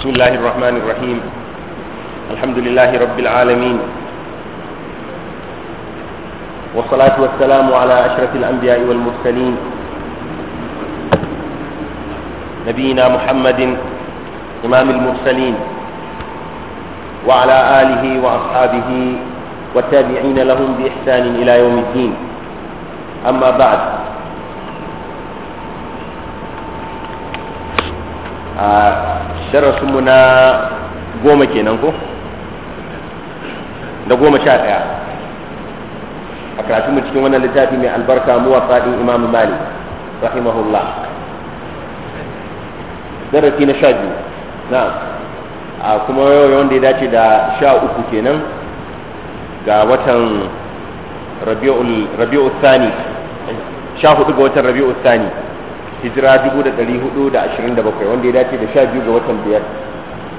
بسم الله الرحمن الرحيم الحمد لله رب العالمين والصلاة والسلام على أشرف الأنبياء والمرسلين نبينا محمد إمام المرسلين وعلى آله وأصحابه والتابعين لهم بإحسان إلى يوم الدين أما بعد آه darasinmu na goma kenan ko da goma sha ɗaya a karatunmu cikin wannan littafi mai albarka muwa faɗin imamu mali rahimahullah darasi na sha biyu na a kuma yau wanda ya dace da sha uku kenan ga watan rabi'ul sani sha hudu ga watan rabi'ul sani hijira 1427 wanda ya dace da 12 ga watan biyar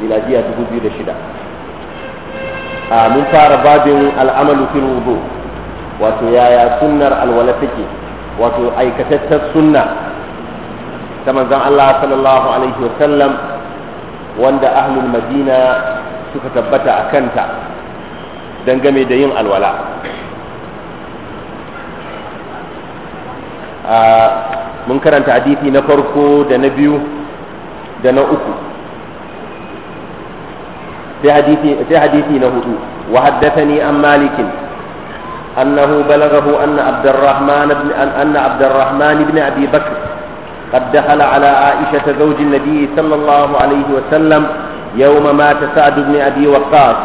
miladiya 2006 a mun fara babin al'amalu fil wudu wato yaya sunnar alwala take wato aikatattar sunna ta manzon Allah sallallahu alaihi wa sallam wanda ahlul madina suka tabbata a kanta game da yin alwala mun karanta hadisi na farko da na biyu da na uku sai hadisi na hudu wa haddathani an malik annahu balaghahu anna abdurrahman ibn anna abdurrahman ibn abi bakr قد دخل على عائشة زوج النبي صلى الله عليه وسلم يوم مات سعد بن أبي وقاص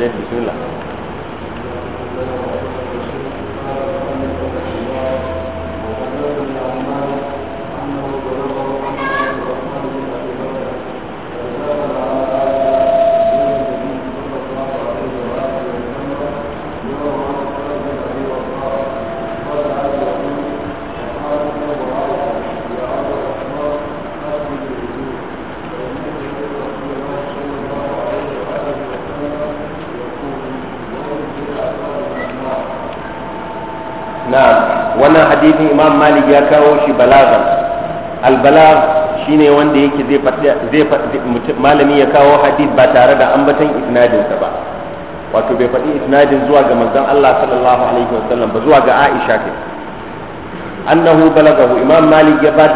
بسم الله malik ya kawo shi balagan albalag shine wanda yake zai malami ya kawo hadith ba tare da ambatan isnadinsa ba wato bai faɗi isnadin zuwa ga manzon Allah sallallahu alaihi wasallam ba zuwa ga Aisha ke annahu balagahu imam malik ya ba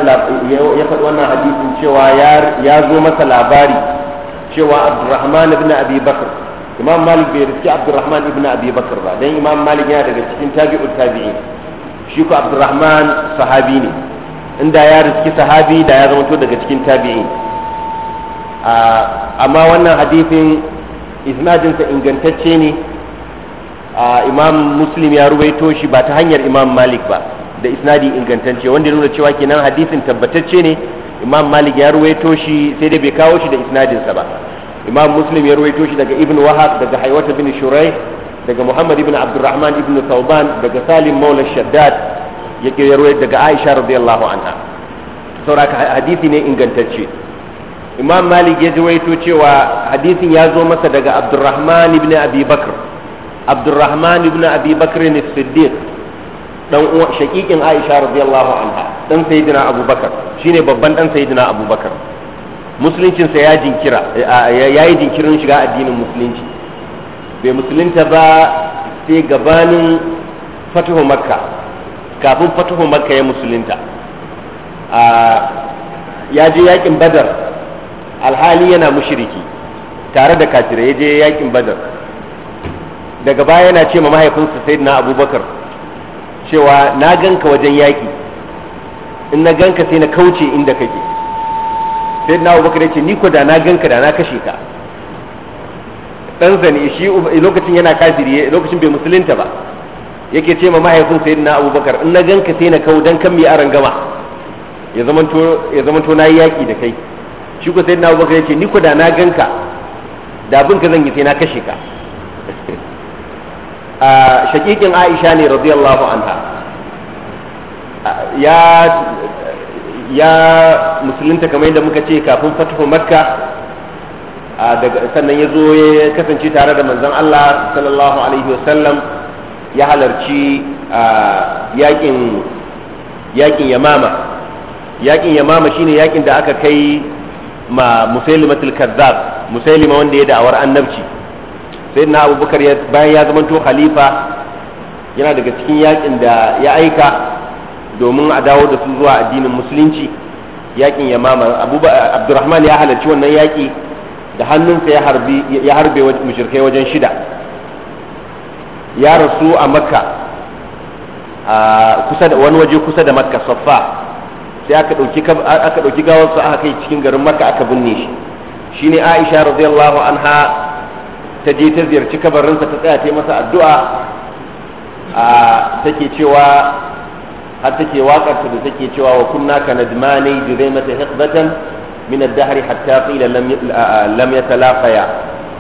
ya faɗi wannan hadisin cewa ya zo masa labari cewa abdurrahman ibn abi bakr imam malik bai riski abdurrahman ibn abi bakr ba dan imam malik yana daga cikin tabi'ut tabi'in shi ko abdurrahman sahabi ne inda ya riski sahabi da ya zama daga cikin tabi'in amma wannan hadithin isnadinsa ingantacce ne imam muslim ya ruwaito shi ba ta hanyar imam malik ba da isnadi ingantacce wanda ya nuna cewa kenan hadisin tabbatacce ne imam malik ya ruwaito shi sai dai bai kawo shi da isnadinsa ba imam muslim ya ruwaito shi daga ibn wahab daga haiwata bin shurai daga Muhammad ibn Abdurrahman ibn Tauban daga Salim Maula Shaddad yake yarwaye daga Aisha radiyallahu anha sauraka hadisi ne ingantacce Imam Malik ya jawaito cewa hadisin ya zo masa daga Abdurrahman ibn Abi Bakr Abdurrahman ibn Abi Bakr ne Siddiq dan uwa shakikin Aisha radiyallahu anha dan sayyidina Abu Bakar shine babban dan sayyidina Abu Bakar musuluncinsa ya jinkira yayi jinkirin shiga addinin musulunci bai musulunta ba sai gabanin fatuhu makka kafin fatuhu makka ya musulunta a ya je yakin badar alhali yana mushiriki tare da kafirai ya je yakin badar daga baya yana ce ma mahaifinsa sayyidina abubakar cewa na ganka wajen yaki in na ganka sai na kauce inda kake sayyidina abubakar ya ce ni ko da na ganka da na kashe ka dan zani shi um, lokacin yana kafiri lokacin bai musulunta ba yake ce ma mahaifin sayyidina abubakar in na ganka sai na kawo dan kan mi aran gama ya zamanto na yi yaƙi da kai shi ko sayyidina abubakar ya ce ni ko da na ganka da abin ka zan yi sai na kashe ka a shakikin aisha ne radiyallahu anha ya ya musulunta kamar yadda muka ce kafin fatuhu makka sannan ya zo ya kasance tare da manzon Allah sallallahu alaihi wasallam ya halarci yakin yakin yamama yakin yamama shine yakin da aka kai ma musailimatul kazzab musailima wanda ya da'awar annabci sayyidina abubakar bayan ya zamanto khalifa yana daga cikin yakin da ya aika domin a dawo da su zuwa addinin musulunci yakin yamama abdurrahman ya halarci wannan yaki da hannunsa ya harbi ya harbe mushrikai wajen shida ya rasu a makka kusa da wani waje kusa da makka saffa sai aka dauki aka dauki gawarsa aka kai cikin garin makka aka binne shi shine aisha radiyallahu anha ta je ta ziyarci kabarinsa ta tsaya ta masa addu'a a take cewa har take ta da take cewa wa kunna ka nadmani mata hikbatan من الدهر حتى قيل لم لم يتلاقيا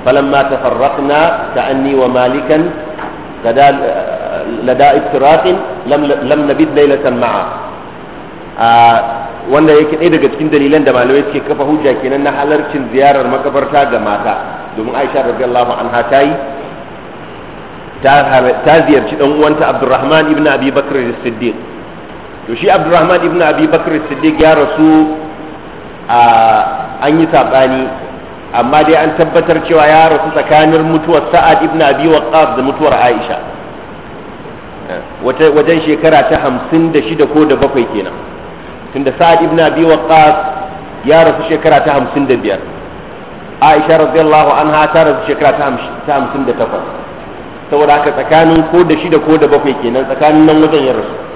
فلما تفرقنا كأني ومالكا لدى افتراق لم لم نبت ليلة معا wannan yake ɗaya daga cikin dalilan da malamai suke kafa hujja kenan na halarcin ziyarar makabarta ga mata domin Aisha radiyallahu anha ta yi ta ziyarci dan uwanta Abdurrahman ibn Abi Bakr as-Siddiq to shi Abdurrahman ibn Abi Bakr as-Siddiq ya rasu an yi saɓani amma dai an tabbatar cewa ya rasu tsakanin mutuwar sa'ad ibn abi waqqas da mutuwar aisha wajen shekara ta hamsin da shida ko da bakwai kenan tunda sa'ad ibn abi waqqas ya rasu shekara ta hamsin da biyar aisha radiyallahu anha ta rasu shekara ta hamsin da takwas saboda haka tsakanin ko da shida ko da bakwai kenan tsakanin nan wajen ya rasu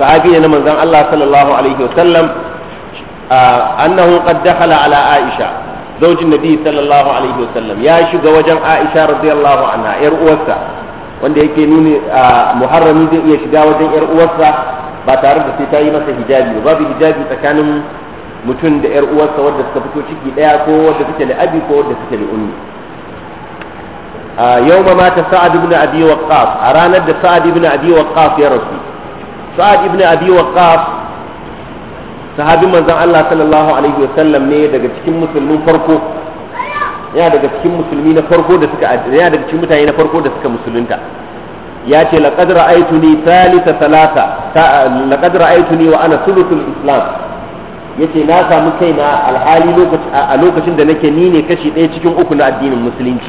sahabi ne na manzon Allah sallallahu alaihi wasallam annahu qad dakhala ala Aisha zaujin nabi sallallahu alaihi wasallam ya shiga wajen Aisha radiyallahu anha yar uwarsa wanda yake nuni muharrami zai iya shiga wajen yar uwarsa ba tare da sai ta yi masa hijabi ba babu hijabi tsakanin mutum da yar uwarsa wadda suka fito ciki daya ko wadda suke da abi ko wadda suke da ummi يوم مات سعد بن a ranar da سعد بن أبي وقاص ya رسول sa'ad ibn abi waqqas sahabin manzon Allah sallallahu alaihi wa sallam ne daga cikin musulmin farko yana daga cikin musulmi na farko da suka daga cikin mutane na farko da suka musulunta ya ce laqad ra'aytuni thalitha thalatha laqad ra'aytuni wa ana thuluthul islam yace na samu kaina alhali a lokacin da nake ni ne kashi ɗaya cikin uku na addinin musulunci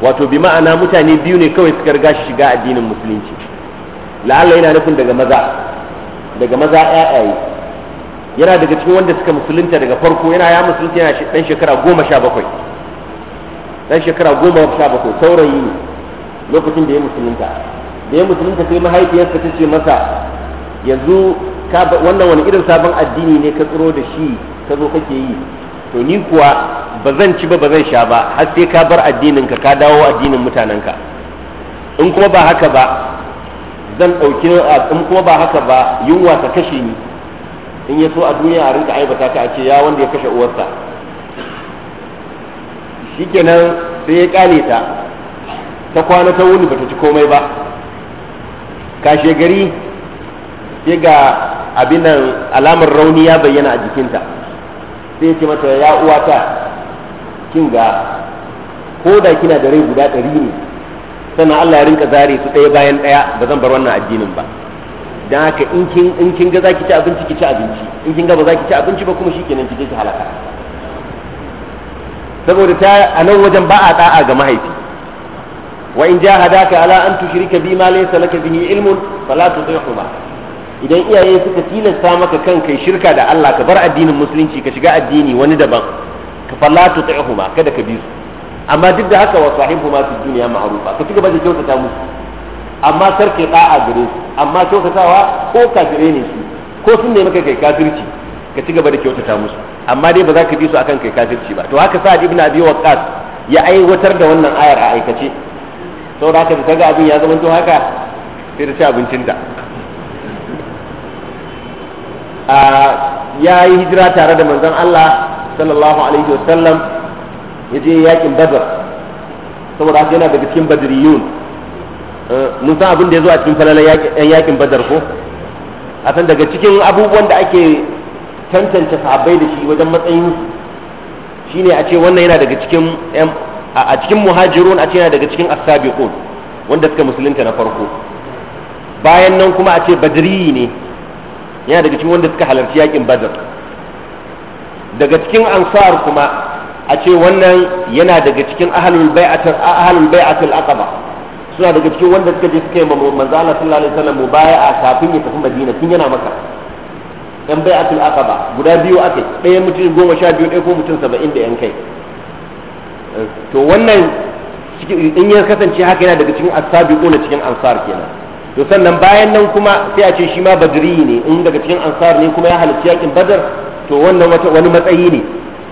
wato bi ma'ana mutane biyu ne kawai suka riga shiga addinin musulunci la'alla yana nufin daga maza daga maza ƴaƴaye yana daga cikin wanda suka musulunta daga farko yana ya musulunta yana dan shekara goma sha bakwai dan shekara goma sha bakwai saurayi ne lokacin da ya musulunta da ya musulunta sai mahaifiyarsa ta ce masa yanzu wannan wani irin sabon addini ne ka tsiro da shi ka zo kake yi to ni kuwa ba zan ci ba ba zan sha ba har sai ka bar addinin ka ka dawo addinin mutanenka in kuma ba haka ba zan ɗauki in kuma ba haka ba yunwa ta kashe ni in ya so a duniya a rinka aibata ka a ce ya wanda ya kashe uwarsa shikenan sai ya ƙale ta ta kwana ta wuni bata ci komai ba kashe gari sai ga abinan alamar rauni ya bayyana a jikinta sai ya ce mata ya uwata kin ga ko da kina da rai guda ɗari ne sannan Allah ya rinka zare su ɗaya bayan ɗaya ba zan bar wannan addinin ba don haka in kin in kin ga zaki ci abinci ki ci abinci in kin ga ba zaki ci abinci ba kuma shikenan ki je ki halaka saboda ta a nan wajen ba a da'a ga mahaifi wa in jahadaka ala an tushrika bi ma laysa laka bihi ilmun fala tudihuma idan iyaye suka tilasta maka kan kai shirka da Allah ka bar addinin musulunci ka shiga addini wani daban ka falla tudihuma kada ka bi su amma duk da haka wasu sahibu ma fi duniya maarufa ka ci gaba da kyautata musu amma sarke a gare su amma kyautatawa ko kafire ne su ko sun nemi kai kafirci ka ci gaba da kyautata musu amma dai ba za ka bi su akan kai kafirci ba to haka sa'ad ibn abi waqqas ya aiwatar da wannan ayar a aikace saboda haka da kaga abin ya zama to haka sai da ci abincin da ah, ya yi hijira tare da manzon Allah sallallahu alaihi wasallam ya je yakin badar saboda haka yana daga cikin badriyun eh, mun san abin da ya zo a cikin falalar yan eh, yakin badar ko a san daga cikin abubuwan da ake tantance sahabbai da shi wajen matsayin shine a ce wannan yana daga cikin a cikin muhajirun a ce yana daga cikin asabiqun wanda suka musulunta na farko bayan nan kuma a ce badri ne yana daga cikin wanda suka halarci yakin badar daga cikin ansar kuma a ce wannan yana daga cikin ahlul bai'atul ahlul bai'atul aqaba suna daga cikin wanda suka je suka yi manzo Allah sallallahu alaihi wasallam mubaya'a kafin ya tafi Madina tun yana maka yan bai'atul aqaba guda biyu ake ɗaya mutum goma sha biyu ɗaya ko mutum saba'in da yan kai to wannan in ya kasance haka yana daga cikin na cikin ansar kenan to sannan bayan nan kuma sai a ce shi ma badri ne in daga cikin ansar ne kuma ya halarci yakin badar to wannan wani matsayi ne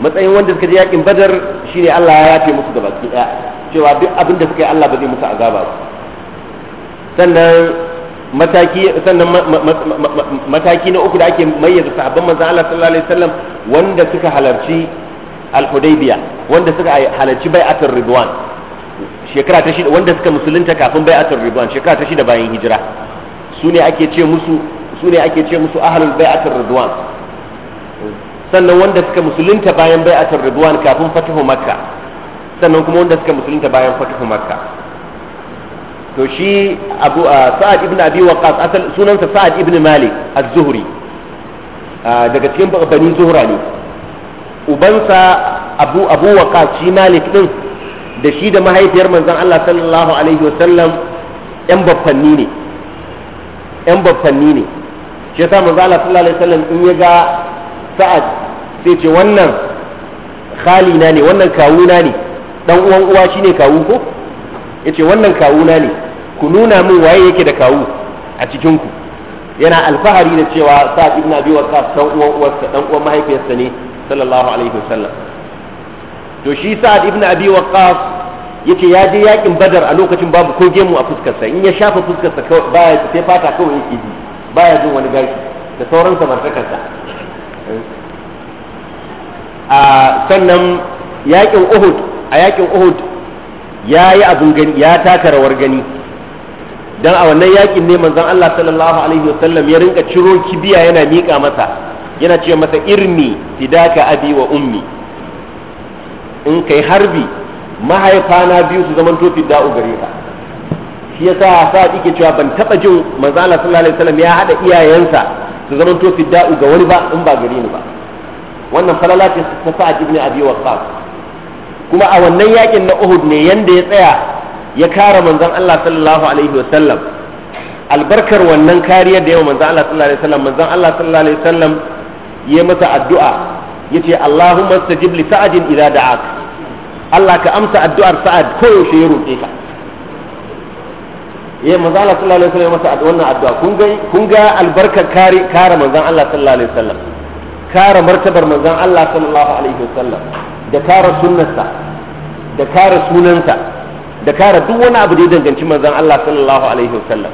matsayin wanda suka je yakin badar shine Allah ya yafe musu gaba ki daya cewa duk abin da suka yi Allah ba zai musu azaba ba sannan mataki sannan mataki na uku da ake mayyaza sahabban manzon Allah sallallahu alaihi wasallam wanda suka halarci al hudaybiyah wanda suka halarci bai'atul Ridwan shekara ta shida wanda suka musulunta kafin bai'atul Ridwan shekara ta shida bayan hijira su ne ake ce musu su ne ake ce musu ahlul bai'atul Ridwan sannan wanda suka musulunta bayan bai bai'atul ridwan kafin fatihu makka sannan kuma wanda suka musulunta bayan fatihu makka to shi abu ah, sa'ad ibn abi waqas asal sunansa sa'ad ibn malik az-zuhri ah, daga cikin bani zuhra ne ubansa abu abu waqas shi malik din da shi da mahaifiyar manzon Allah sallallahu alaihi wa sallam yan baffanni ne yan baffanni ne shi yasa manzon Allah sallallahu alaihi sallam in ya ga sa'ad sai ce wannan khalina ne wannan kawuna ne dan uwan uwa shine kawu ko yace wannan kawuna ne ku nuna min waye yake da kawu a cikin ku yana alfahari da cewa sa'ad ibn abi waqqas dan uwan uwarsa dan uwan mahaifiyarsa ne sallallahu alaihi wasallam to shi sa'ad ibn abi waqqas yace ya je yakin badar a lokacin babu ko gemu a fuskarsa in ya shafa fuskarsa baya sai fata kawai yake ji baya jin wani gashi da sauran samartakarsa a sannan yakin uhud a yakin uhud ya yi abin gani ya taka rawar gani dan a wannan yakin ne manzon Allah sallallahu alaihi wasallam ya rinka ciro kibiya yana mika masa yana ce masa irmi fidaka abi wa ummi in kai harbi mahaifana biyu su zaman tofi da'u gare ka shi yasa sa yake cewa ban taba jin manzon Allah sallallahu alaihi wasallam ya hada iyayensa su zaman tofi da'u ga wani ba in ba gare ni ba wannan falala ce ta sa'ad ibn abi waqqas kuma a wannan yakin na Uhud ne yanda ya tsaya ya kare manzon Allah sallallahu alaihi wasallam albarkar wannan kariyar da yawa manzon Allah sallallahu alaihi wasallam manzon Allah sallallahu alaihi wasallam ya masa addu'a yace Allahumma stajib li sa'adin idza da'ak Allah ka amsa addu'ar sa'ad koyaushe ya roƙe ka ya manzo Allah sallallahu alaihi wasallam masa wannan addu'a kun ga kun ga albarkar kare kare manzon Allah sallallahu alaihi wasallam kare martabar manzon Allah sallallahu alaihi wasallam da kare sunnarsa da kare sunansa da kare duk wani abu da ya danganci manzon Allah sallallahu alaihi wasallam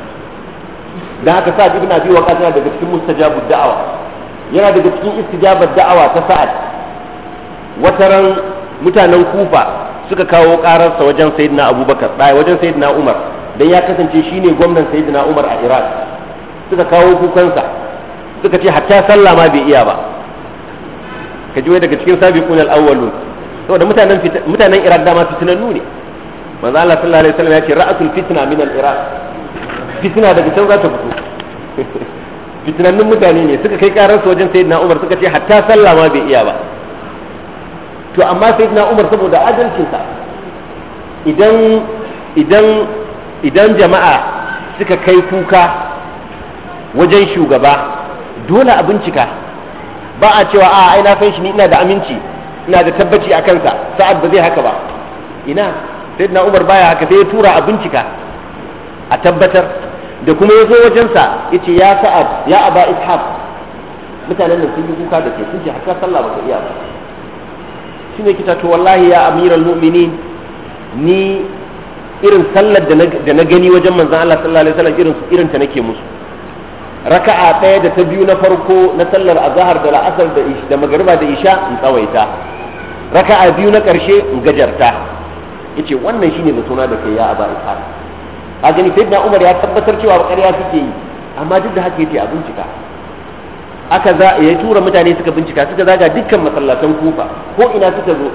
dan haka sa ibn abi waqas yana daga cikin mustajabu da'awa yana daga cikin istijabar da'awa ta sa'ad wataran mutanen kufa suka kawo kararsa wajen sayyidina abubakar ɗaya wajen sayyidina umar dan ya kasance shine gwamnan sayyidina umar a iraq suka kawo kukansa suka ce hatta sallah ma bai iya ba ka ji wai daga cikin sabiqun al-awwalun saboda mutanen mutanen Iraq dama fitinannu ne manzo Allah sallallahu alaihi wasallam ya ce ra'atul fitna min al-Iraq fitina daga can za ta fito fitinannun mutane ne suka kai karar su wajen sayyidina Umar suka ce hatta sallah ma bai iya ba to amma sayyidina Umar saboda sa idan idan idan jama'a suka kai kuka wajen shugaba dole a bincika ba a cewa a ai na san shi ni ina da aminci ina da tabbaci a kansa sa'ad ba zai haka ba ina sai na umar baya haka sai ya tura a bincika a tabbatar da kuma ya zo wajensa ya ya sa'ad ya aba ishaq mutanen da sun yi kuka da ke sun ce haka sallah ba ka iya ba shi ne kita to wallahi ya amiral mu'minin ni irin sallar da na gani wajen manzan Allah sallallahu alaihi wasallam irin irin ta nake musu raka'a ɗaya da ta biyu na farko na sallar azahar da la'asar da magariba da isha in tsawaita raka'a biyu na ƙarshe in gajarta yace wannan shine da tona da kai ya aba ishaq a gani da umar ya tabbatar cewa ƙarya suke yi amma duk da haka yace a bincika aka za ya tura mutane suka bincika suka zaga dukkan masallatan kufa ko ina suka zo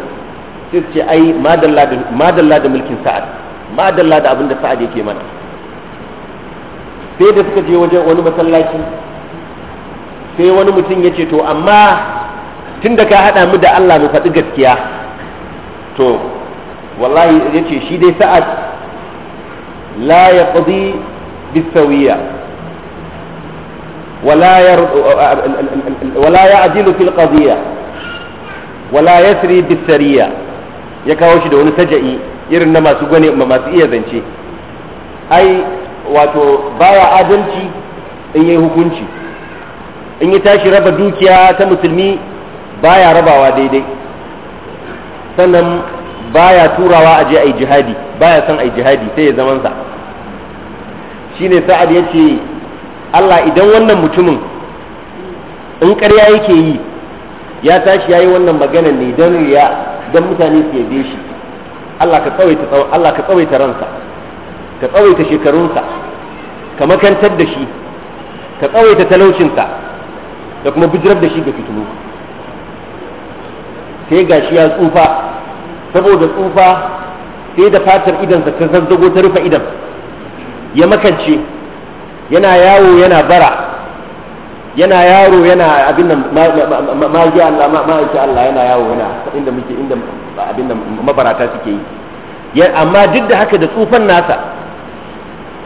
sai su ce ai madalla da madalla da mulkin sa'ad madalla da abin da sa'ad yake mana sai da suka je wajen wani masallaci sai wani mutum ya ce to amma tun da ka haɗa mu da Allah mu faɗi gaskiya to wallahi ya ce shi dai sa'ad la ya ƙudi bisawiya wala ya ajilu fil qadiyya wala yasri bisariya ya kawo shi da wani sajai irin na masu masu iya zance ai wato baya adalci in yi hukunci in yi tashi raba dukiya ta musulmi baya rabawa daidai sannan baya turawa je a yi jihadi baya son a yi jihadi sai ya zamansa shine sa'ad ya ce Allah idan wannan mutumin in karya yake yi ya tashi ya yi wannan maganar ne don riya don mutane su yabe shi Allah ka tsawaita ransa ka tsawaita shekarunsa ka makantar da shi ka tsawaita talaucinsa da kuma bijirar da shi ga fitilu sai ga shi ya tsufa saboda tsufa sai da fatar idansa ta zazzago ta rufe idan ya makance yana yawo yana bara yana yaro yana abin nan ma Allah ma Allah yana yawo yana inda muke inda abin nan mabarata suke yi amma duk da haka da tsufan nasa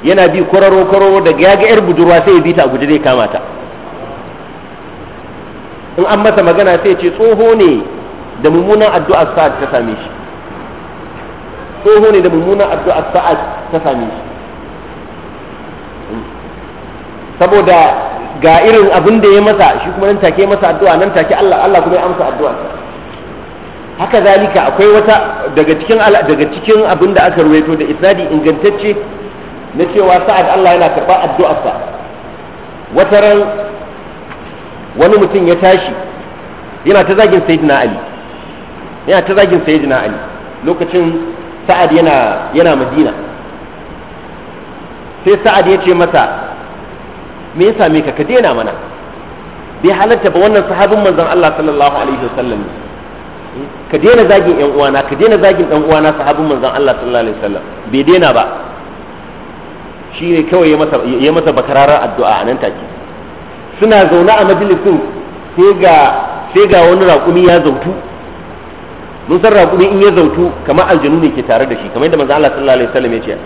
yana bi kwararo kwararo daga ya ga yar budurwa sai ya bi ta a guje zai kama ta in an masa magana sai ce tsoho ne da mummunan addu'a sa'ad ta same shi tsoho ne da mummunan addu'a sa'ad ta same shi saboda ga irin abin da ya masa shi kuma nan take masa addu'a nan take Allah Allah kuma ya amsa addu'a haka zalika akwai wata daga cikin daga cikin abin da aka ruwaito da isnadi ingantacce na cewa sa'ad Allah yana karɓar addu'arsa wata ran wani mutum ya tashi yana ta zagin sayyidina Ali yana ta zagin sayyidina Ali lokacin sa'ad yana yana Madina sai sa'ad ya ce masa me ya same ka ka daina mana bai halatta ba wannan sahabin manzon Allah sallallahu alaihi wasallam ka daina zagin yan uwana ka daina zagin dan uwana sahabin manzon Allah sallallahu alaihi wasallam bai daina ba shi ne kawai ya masa bakararar addu'a a nan take suna zaune a majalisin sai ga wani raƙumi ya zautu mun san raƙumi in ya zautu kamar aljanu ne ke tare da shi kamar yadda manzo Allah sallallahu alaihi wasallam ya ce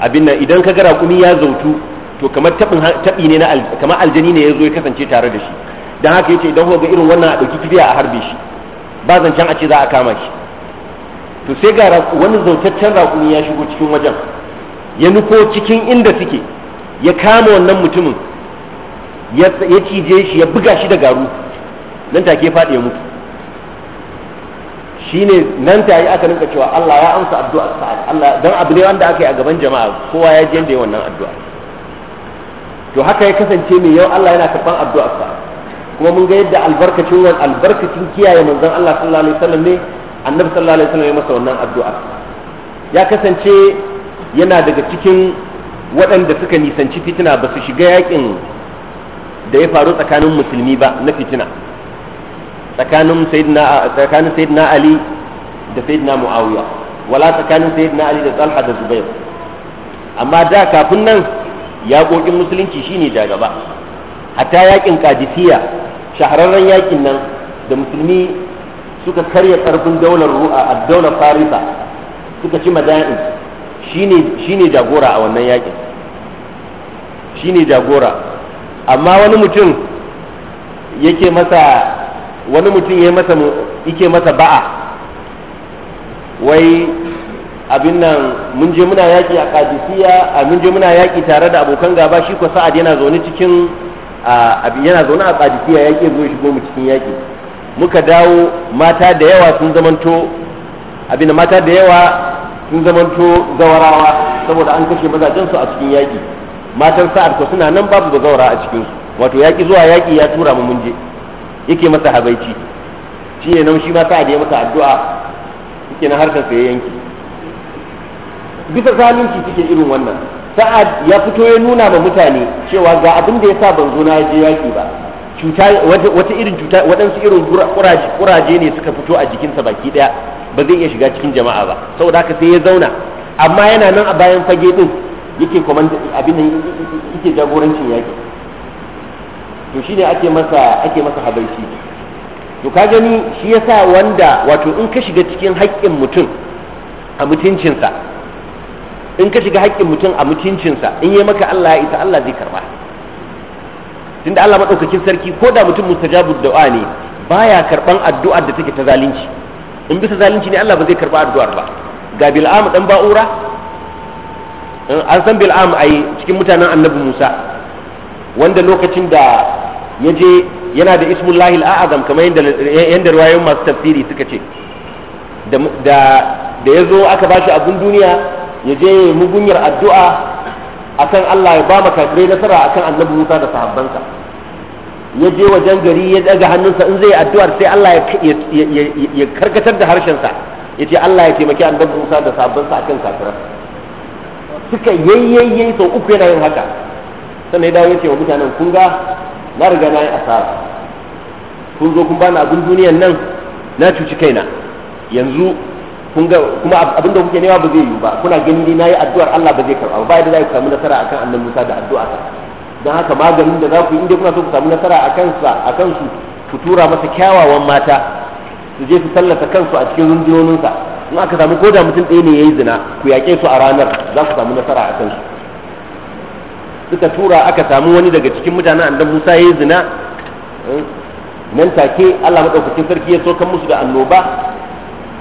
abin nan idan ka ga raƙumi ya zautu to kamar tabin tabi ne na kamar aljani ne ya zo ya kasance tare da shi dan haka yace idan kuka ga irin wannan a dauki kibiya a harbe shi ba zancen a ce za a kama shi to sai ga wani zautaccen raƙumi ya shigo cikin wajen ya nufo cikin inda suke ya kama wannan mutumin ya cije shi ya buga shi da garu nan take faɗi ya mutu shi ne nan ta yi aka nuka cewa Allah ya amsa addu'ar sa'ad Allah don abu ne wanda aka yi a gaban jama'a kowa ya je da wannan addu'a to haka ya kasance mai yau Allah yana karban addu'ar sa'ad kuma mun ga yadda albarkacin wannan albarkacin kiyaye manzon Allah sallallahu alaihi wasallam ne annabi sallallahu alaihi wasallam ya masa wannan addu'a ya kasance yana daga cikin waɗanda suka nisanci fitina ba su shiga yakin da ya faru tsakanin musulmi ba na fitina tsakanin sayyidina ali da sayyidina muawiya wala tsakanin sayyidina ali da talha da zubair amma da kafin nan yaƙoƙin musulunci shine da gaba hatta yakin kadisiya shahararren yakin nan da musulmi suka karya karfin daular farisa suka ci madain shi ne jagora a wannan yakin shi ne jagora amma wani mutum yake masa wani mutum ya masa yake masa ba'a wai abin nan mun je muna yaƙi a kadisiya a mun je muna yaƙi tare da abokan gaba shi ko sa'ad yana zaune cikin yana zaune a kadisiya ya zo shigo mu cikin yaƙi muka dawo mata da yawa sun zamanto abin mata da yawa sun zamanto gawarawa saboda an kashe mazajensu a cikin yaƙi matan sa'ar ko suna nan babu da gawara a cikinsu wato yaƙi zuwa yaƙi ya tura mu mun je yake masa habaici shi ne nan shi ma sa'ad ya masa addu'a yake na harkar sai yanki bisa zalunci suke irin wannan sa'ad ya fito ya nuna ma mutane cewa ga abin da ya sa ban zo na je yaƙi ba cuta wata irin cuta waɗansu irin kuraje ne suka fito a jikinsa baki ɗaya ba zai iya shiga cikin jama'a ba saboda haka sai ya zauna amma yana nan a bayan fage din yake komanda abin da yake jagorancin yaki to shine ake masa ake masa habaici to ka gani shi yasa wanda wato in ka shiga cikin haƙƙin mutum a mutuncinsa in ka shiga haƙƙin mutum a mutuncinsa in yi maka Allah ya isa Allah zai karba tunda Allah madaukakin sarki ko da mutum mustajabud da'a ne baya karban addu'ar da take ta zalunci in bisa zalunci ne Allah ba zai karba addu'ar ba ga bil'am dan ba'ura an san bil'am ai cikin mutanen annabi Musa wanda lokacin da ya je yana da ismullahi al'azam kamar yadda ruwayoyin masu tafsiri suka ce da ya zo aka bashi abin duniya ya je mugunyar addu'a akan Allah ya ba makafirai nasara akan annabi Musa da sahabbansa ya je wajen gari ya daga hannunsa in zai addu'ar sai Allah ya karkatar da harshensa ya ce Allah ya taimaki annabi Musa da sa akan kafiran suka yayyayye sau uku yana yin haka sannan ya dawo ya ce wa mutanen kun ga na riga na yi asara kun zo kun bani abin duniyan nan na cuci kaina yanzu kun ga kuma abin da kuke nema ba zai yiwu ba kuna gani na yi addu'ar Allah ba zai karɓa ba ba yadda za ku samu nasara akan annabi Musa da addu'a don haka maganin da za ku yi inda kuna so ku samu nasara a kansa a kansu ku tura masa kyawawan mata su je su sallata kansu a cikin rundunoninsa in aka samu ko da mutum ɗaya ne ya yi zina ku yaƙe su a ranar za ku samu nasara a kansu suka tura aka samu wani daga cikin mutanen annabi Musa ya yi zina eh, nan take Allah maɗaukacin sarki ya sokan musu da annoba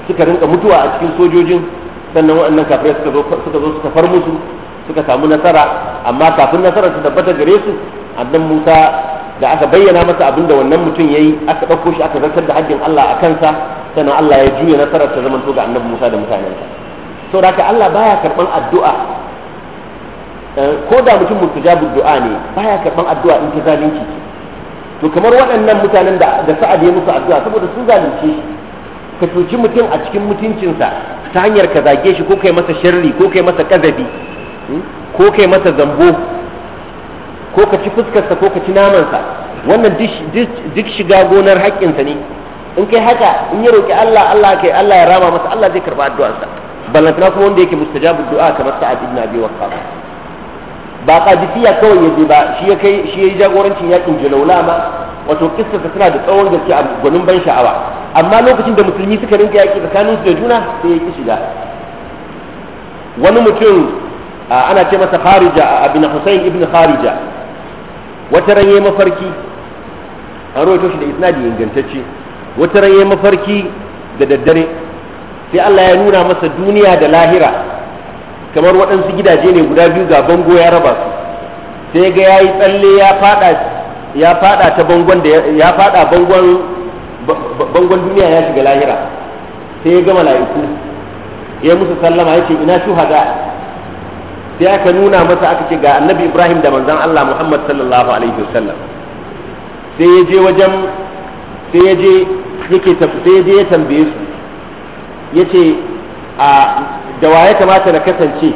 suka rinka mutuwa a cikin sojojin sannan waɗannan kafirai suka zo suka zo suka far musu suka samu nasara amma kafin nasara ta tabbata gare su annan Musa da aka bayyana masa abin da wannan mutum yayi aka ɗauko shi aka zartar da haddin Allah a kansa sannan Allah ya juya nasarar ta zamanto ga annabi Musa da mutanensa da haka Allah baya karban addu'a eh, ko da mutum mutu jabu du'a ne baya karban addu'a in ta zalunci to kamar waɗannan mutanen da da sa'ad ya musu addu'a saboda sun zalunci shi ka cuci mutum a cikin mutuncinsa ta hanyar ka zage shi ko kai masa sharri ko kai masa kazabi Hmm? ko kai masa zambo ko ka ci fuskarsa ko ka ci namansa wannan duk shiga gonar haƙƙinsa ne in kai haka in ya roƙi Allah Allah kai Allah ya rama masa Allah zai karba addu'arsa ballantana kuma wanda yake mustajabu du'a kamar sa'ad ibn abi waqqas ba qadisiya kawai yaje ba shi ya kai shi yayi jagorancin yakin jalawla ma wato kissa ta tana da tsawon gaske a gwanin ban sha'awa amma lokacin da musulmi suka rinka yaƙi tsakanin su da juna sai ya ki shiga wani mutum ana ce masa kharija abin husayn ibn kharija wata ran yayi mafarki an rawaito shi da isnadi ingantacce wata ran yayi mafarki da daddare sai Allah ya nuna masa duniya da lahira kamar waɗansu gidaje ne guda biyu ga bango ya raba su sai ga yayi tsalle ya fada ya fada ta bangon da ya fada bangon bangon duniya ya shiga lahira sai ya ga mala'iku ya musu sallama yace ina shuhada sai aka nuna masa aka ce ga annabi ibrahim da manzan allah muhammad sallallahu alaihi wasallam sai ya je wajen sai ya je yake sai ya je ya tambaye su yace a da waye kamata na kasance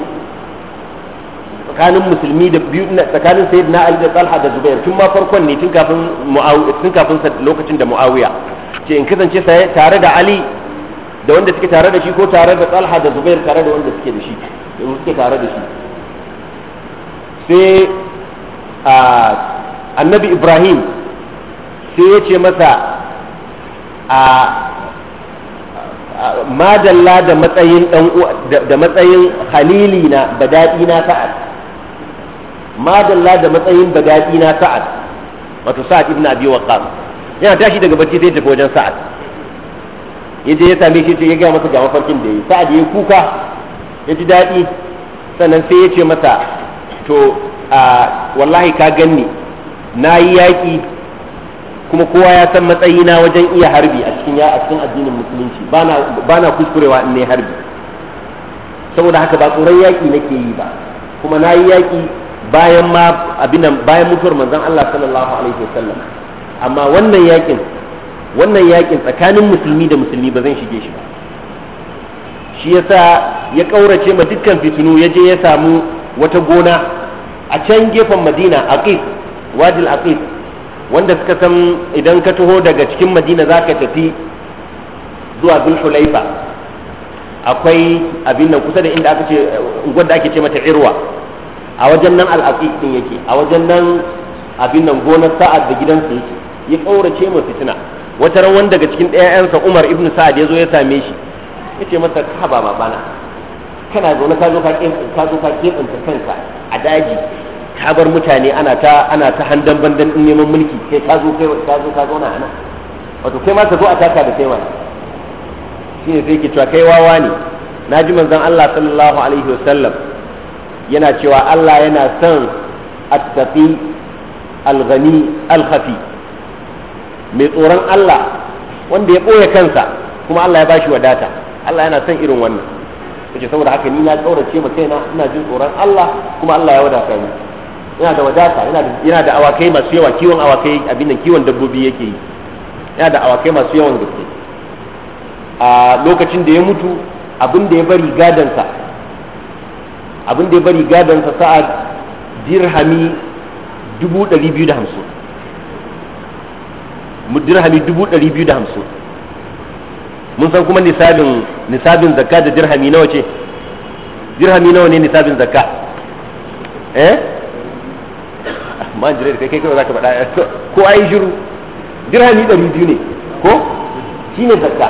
tsakanin musulmi da biyu tsakanin sayyidina ali da talha da zubair tun ma farkon ne tun kafin muawiya tun kafin lokacin da muawiya ce in kasance tare da ali da wanda suke tare da shi ko tare da talha da zubair tare da wanda suke da shi suke tare da shi sai annabi ibrahim sai ya ce masa a madalla da matsayin da matsayin halili na badadi na sa'ad madalla da matsayin badadi na sa'ad wato sa'ad ibn abi waqqas yana tashi daga bacci sai ya tafi wajen sa'ad yaje ya same shi ya ga masa ga mafarkin da yi sa'ad ya kuka ya ji daɗi sannan sai ya ce masa to wallahi ka ganni na yi yaƙi kuma kowa ya san matsayina wajen iya harbi a cikin addinin musulunci ba na kuskurewa in ne harbi saboda haka ba tsoron yaƙi nake yi ba kuma na yi yaƙi bayan ma abinan bayan mutuwar manzon Allah sallallahu alaihi wasallam amma wannan yaƙin wannan yaƙin tsakanin musulmi da musulmi ba zan shige shi ba shi yasa ya ƙaurace ma dukkan fitinu ya je ya samu wata gona a can gefen madina aqif wadil aqif wanda suka san idan ka taho daga cikin madina za ka tafi zuwa zulhulaifa akwai abin nan kusa da inda aka ce wanda ake ce mata irwa a wajen nan al'aqiq din yake a wajen nan abin nan gonar sa'ad da gidansu yake ya kaurace ma fitina wata ran wanda daga cikin ɗayan Umar ibnu Sa'ad ya zo ya same shi yace masa ka ba babana kana zaune ka zo ka ka zo ka keɓanta kanka a daji ka bar mutane ana ta ana ta handan bandan din neman mulki sai ka zo kai ka zo ka zauna ana wato kai ma ka zo a taka da kai ma shi ne sai ki cewa kai wawa ne na ji manzon Allah sallallahu alaihi wasallam yana cewa Allah yana son at-taqi al-ghani al-khafi mai tsoron Allah wanda ya ɓoye kansa kuma Allah ya bashi wadata Allah yana son irin wannan kace saboda haka ni na kaurace ma kaina ina jin tsoron Allah kuma Allah ya wadata ni ina da wadata ina da ina da awakai masu yawa kiwon awakai abin nan kiwon dabbobi yake yi ina da awakai masu yawan gaske a lokacin da ya mutu abin da ya bari gadansa abin da ya bari gadansa sa'ad dirhami dubu ɗari biyu da hamsin dirhami dubu ɗari biyu da hamsin mun san kuma nisabin nisabin zakka da dirhami nawa ce dirhami nawa ne nisabin zakka eh ma jire kai kai za ka faɗa eh, ko ai shiru dirhami ɗari biyu ne ko shi ne zakka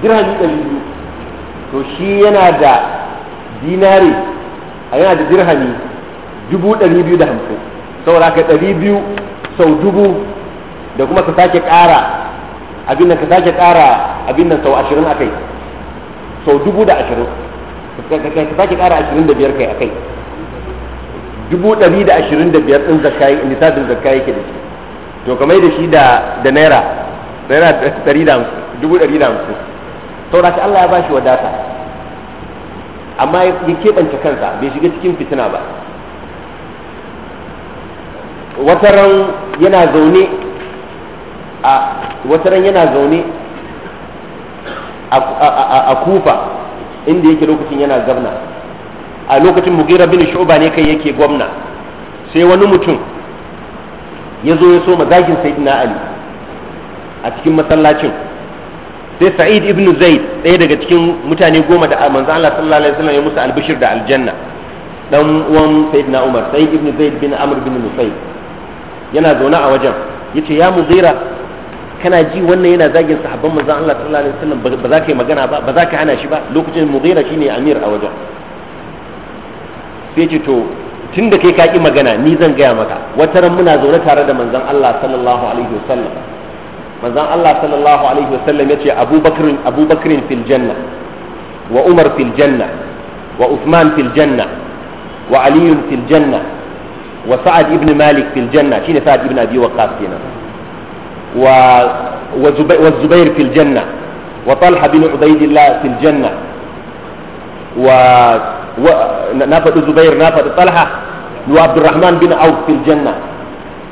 dirhami ɗari biyu to shi yana da dinari a yana da dirhami dubu ɗari biyu da hamsin saboda ka ɗari biyu sau dubu da kuma ka sake ƙara abin nan ka sake kara abin nan sau ashirin akai. sau dubu da ashirin ka sake kara ashirin da biyar kai akai dubu ɗari da ashirin da biyar ɗin zakka nisabin zakka yake da shi to kamar da shi da da naira naira ɗari da hamsin dubu ɗari da hamsin saboda shi Allah ya ba shi wadata amma ya keɓance kansa bai shiga cikin fitina ba wataran yana zaune wata ran yana zaune a kufa inda yake lokacin yana gwamna a lokacin mugira bin shu'ba ne kai yake gwamna sai wani mutum ya zo ya so mazagin sayyidina ali a cikin masallacin sai sa'id ibn zaid ɗaya daga cikin mutane goma da manzo Allah sallallahu alaihi wasallam ya musu albishir da aljanna dan uwan sayyidina umar sa'id ibn zaid bin amr bin musayyib yana zaune a wajen yace ya muzira kana ji wannan yana zagin sahabban manzon Allah sallallahu alaihi wasallam ba za ka yi magana ba ba za ka hana shi ba lokacin Mughira shine amir a wajen sai ce to tunda kai ka ki magana ni zan gaya maka wata ran muna zaune tare da manzon Allah sallallahu alaihi wasallam manzon Allah sallallahu alaihi wasallam yace Abu Bakr Abu Bakr fil janna wa Umar fil janna wa Uthman fil janna wa Ali fil janna wa Sa'ad ibn Malik fil janna shine Sa'ad ibn Abi Waqqas kenan والزبير في الجنة وطلحة بن عبيد الله في الجنة ونفذ الزبير نفذ طلحة وعبد الرحمن بن عوف في الجنة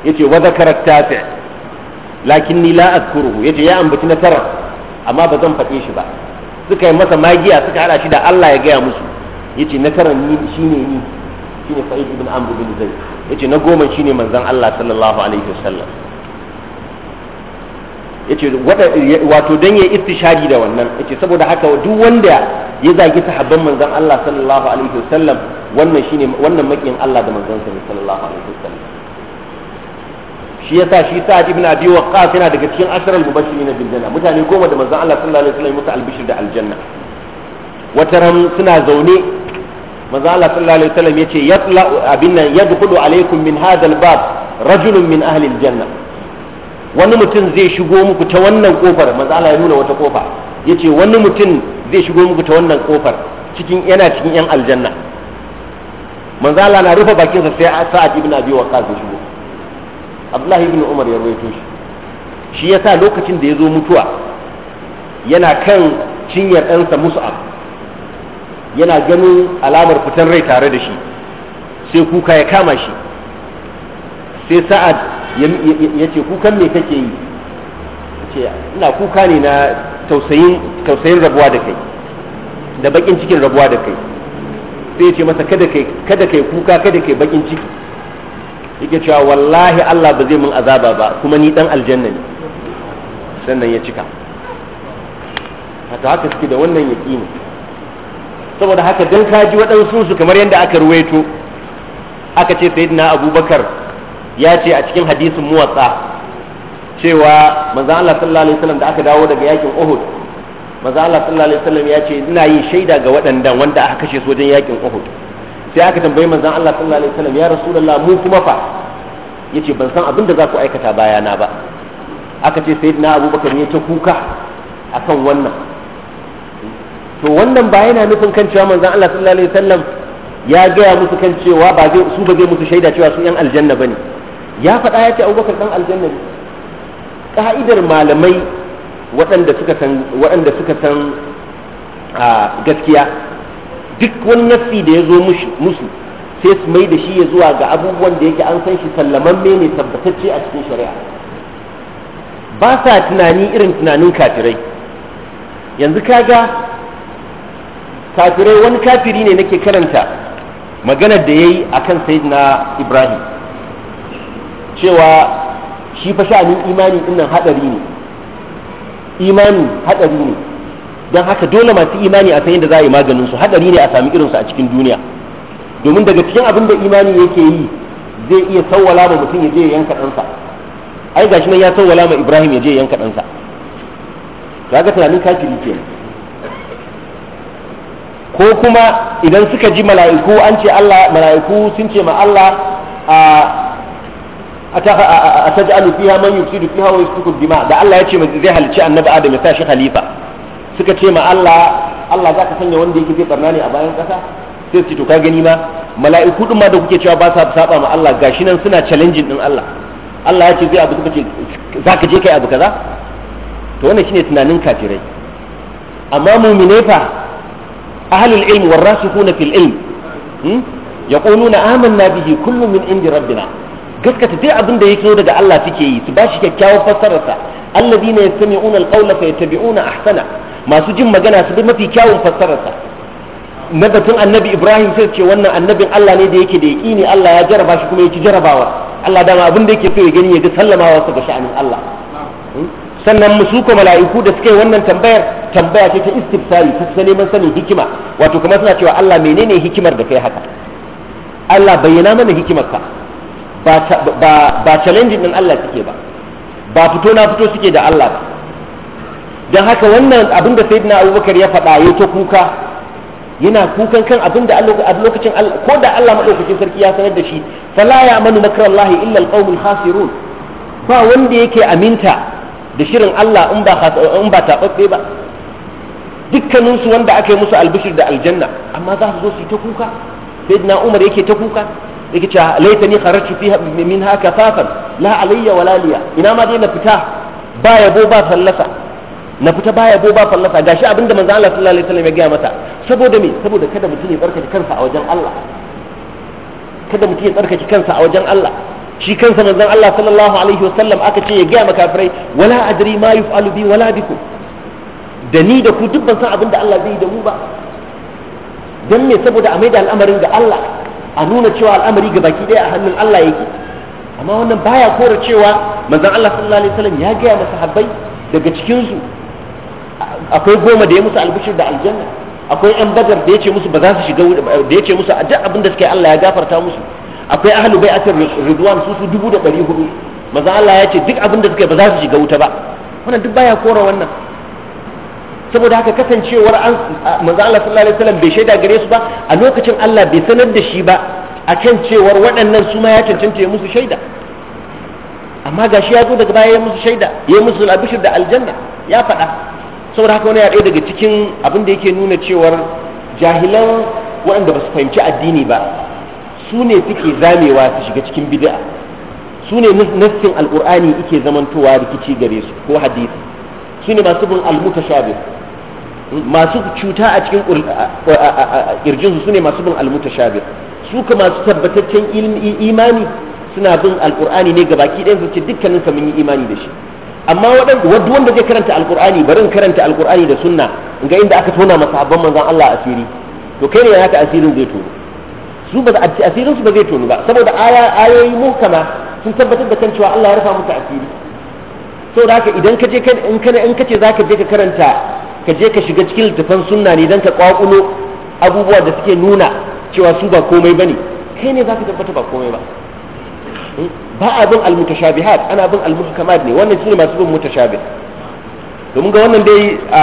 يتي وذكر التاسع لكني لا أذكره يتي يا أم بتنا ترى أما بدم فتيش بقى سكا يمسا ما يجي سكا على شدة الله يجي مسلم يتي نكر النين شيني نين شيني سعيد بن عمرو بن زيد يتي نقوم شيني من زن الله صلى الله عليه وسلم yace wato dan yayi istishari da wannan yace saboda haka duk wanda ya zagi sahabban manzon Allah sallallahu alaihi wasallam wannan shine wannan makiyin Allah da manzon sa sallallahu alaihi wasallam shi yasa shi Sa'ad ibn Abi Waqqas yana daga cikin asharal mubashirin bil janna mutane goma da manzon Allah sallallahu alaihi wasallam musu albishir da aljanna wataran suna zaune manzon Allah sallallahu alaihi wasallam yace yatla abinna yadkhulu alaikum min hadha al-bab rajulun min ahli al-janna wani mutum zai shigo muku ta wannan kofar manzo ya nuna wata kofa ce wani mutum zai shigo muku ta wannan kofar cikin yana cikin yan aljanna Manzala na rufe bakinsa sa sai Sa'ad ibn Abi Waqqas zai shigo abdullahi ibn Umar ya rawaito shi shi yasa lokacin da ya zo mutuwa yana kan cinyar ɗansa Mus'ab yana ganin alamar fitan rai tare da shi sai kuka ya kama shi sai Sa'ad ya ce kukan me kake yi ce ina kuka ne na tausayin rabuwa da kai da bakin cikin rabuwa da kai sai ya ce masa kada kai kuka kada kai bakin ciki yake cewa wallahi Allah ba zai mun azaba ba kuma ni dan aljanna ne sannan ya cika hata haka suke da wannan ne saboda haka dan kaji waɗansu su kamar yadda aka ruwaito aka ce sayyidina abubakar ya ce a cikin hadisin muwatsa cewa manzan Allah sallallahu alaihi wasallam da aka dawo daga yakin Uhud manzan Allah sallallahu alaihi wasallam ya ce ina yin shaida ga waɗannan wanda aka kashe su wajen yakin Uhud sai aka tambayi manzan Allah sallallahu alaihi wasallam ya rasulullah mu kuma fa yace ban san abin da za ku aikata bayana ba aka ce sayyidina abubakar ne ta kuka akan wannan to wannan ba yana nufin kan cewa manzon Allah sallallahu alaihi wasallam ya gaya musu kan cewa ba zai su ba zai musu shaida cewa su yan aljanna bane ya faɗa ya ce abubakar ɗan aljanna ne ka'idar malamai waɗanda suka san gaskiya duk wani nafsi da ya zo musu sai su mai da shi ya zuwa ga abubuwan da yake an san shi sallamamme ne tabbatacce a cikin shari'a ba sa tunani irin tunanin kafirai yanzu ka ga kafirai wani kafiri ne nake karanta maganar da ya yi a kan na ibrahim cewa shi fa sha'anin imani din nan hadari ne imani hadari ne don haka dole masu imani a san yadda za a yi maganin su hadari ne a sami irin su a cikin duniya domin daga cikin abin da imani yake yi zai iya sawwala ma mutum ya je ya yanka ɗansa ai gashi nan ya sawwala ma Ibrahim ya je ya yanka ɗansa kaga tunanin kafiri ke ko kuma idan suka ji mala'iku an ce Allah mala'iku sun ce ma Allah a ataj'alu fiha man yufsidu fiha wa yasfiku dima da Allah ya ce zai halici annabi Adam ya tashi khalifa suka ce ma Allah Allah zaka sanya wanda yake zai barna ne a bayan kasa sai su to ka gani ma mala'iku din ma da kuke cewa ba sa saba ma Allah gashi nan suna challenging din Allah Allah ya ce zai abu kace zaka je kai abu kaza to wannan shine tunanin kafirai amma mu'mine fa ahlul ilm warasikhuna fil ilm hmm, yaquluna amanna bihi kullu min indi rabbina gaskata sai abin da yake daga Allah suke yi su bashi kyakkyawan fassararsa alladhina yastami'una alqawla fayattabi'una ahsana masu jin magana su bi mafi kyawun fassararsa na batun annabi Ibrahim sai ce wannan annabin Allah ne da yake da yaqini Allah ya jaraba shi kuma yake jarabawa Allah dama abin da yake so ya gani ya ga sallamawa su ga sha'anin Allah hmm? sannan musu ko mala'iku da suka yi wannan tambayar tambaya ce ta istifsari ta neman sanin hikima wato kuma suna cewa Allah menene hikimar da kai haka Allah bayyana mana hikimarka ba challenging din Allah suke ba ba fito na fito suke da Allah ba don haka wannan abin da sayyidina abubakar ya faɗa ya ta kuka yana kukan kan abin da a lokacin ko da Allah maɗaukacin sarki ya sanar da shi fala ya manu makar Allah illa alqaumul hasirun ba wanda yake aminta da shirin Allah in ba in ba ba dukkanin wanda aka yi musu albishir da aljanna amma za su zo su yi ta kuka sayyidina Umar yake ta kuka yake cewa ni kharajtu fiha min haka fafan la aliyya wala liya ina ma dai na fita ba yabo ba fallasa na fita ba yabo ba fallasa gashi abinda manzo Allah sallallahu alaihi wasallam ya gaya mata saboda me saboda kada mutum ya barkaci kansa a wajen Allah kada mutum ya tsarkake kansa a wajen Allah shi kansa manzon Allah sallallahu alaihi wasallam aka ce ya gaya kafirai wala adri ma yuf'alu bi wala bikum da ni da ku duk ban san abinda Allah zai yi da mu ba dan me saboda a maida al'amarin ga Allah a nuna cewa al'amari ga baki ɗaya a hannun Allah yake amma wannan baya kora cewa manzon Allah sallallahu alaihi wasallam ya gaya masa habbai daga cikin su akwai goma da ya musu albishir da aljanna akwai yan badar da ya ce musu ba za su shiga da ya ce musu a duk abin da suka yi Allah ya gafarta musu akwai ahlu bai'atir ridwan su su dubu da ɗari hudu manzon Allah ya ce duk abin da suka yi ba za su shiga wuta ba wannan duk baya kora wannan saboda haka kasancewar an manzo Allah sallallahu alaihi wasallam bai shaida gare su ba a lokacin Allah bai sanar da shi ba a kan cewar waɗannan su ma ya cancanta ya musu shaida amma gashi ya zo daga baya ya musu shaida ya musu albishir da aljanna ya faɗa saboda haka wani ya ɗaya daga cikin abin da yake nuna cewar jahilan waɗanda ba su fahimci addini ba su ne suke zamewa su shiga cikin bid'a su ne nassin alƙur'ani yake zamantowa rikici gare su ko hadisi su ne masu bin almutashabih masu cuta a cikin ƙirjinsu su ne masu bin almutashabih su ka masu tabbataccen imani suna bin alƙur'ani ne ga baki ɗayan su dukkanin ka mun yi imani da shi amma waɗanda wanda zai karanta alƙur'ani bari in karanta alƙur'ani da sunna in ga inda aka tona masa abban manzon Allah asiri to kai ne ya ka asirin zai tono su ba asirin su ba zai tono ba saboda aya ayoyi muhkama sun tabbatar da kan cewa Allah ya rufa musu asiri saboda haka idan ka je in ka ce zaka je ka karanta ka je ka shiga cikin littafan sunna ne don ka kwakulo abubuwa da suke nuna cewa su ba komai ba ne kai ne za ka tabbata ba komai ba hmm? ba a bin almutashabihat ana bin almuhkamat ne wannan shine masu bin mutashabih domin ga wannan dai a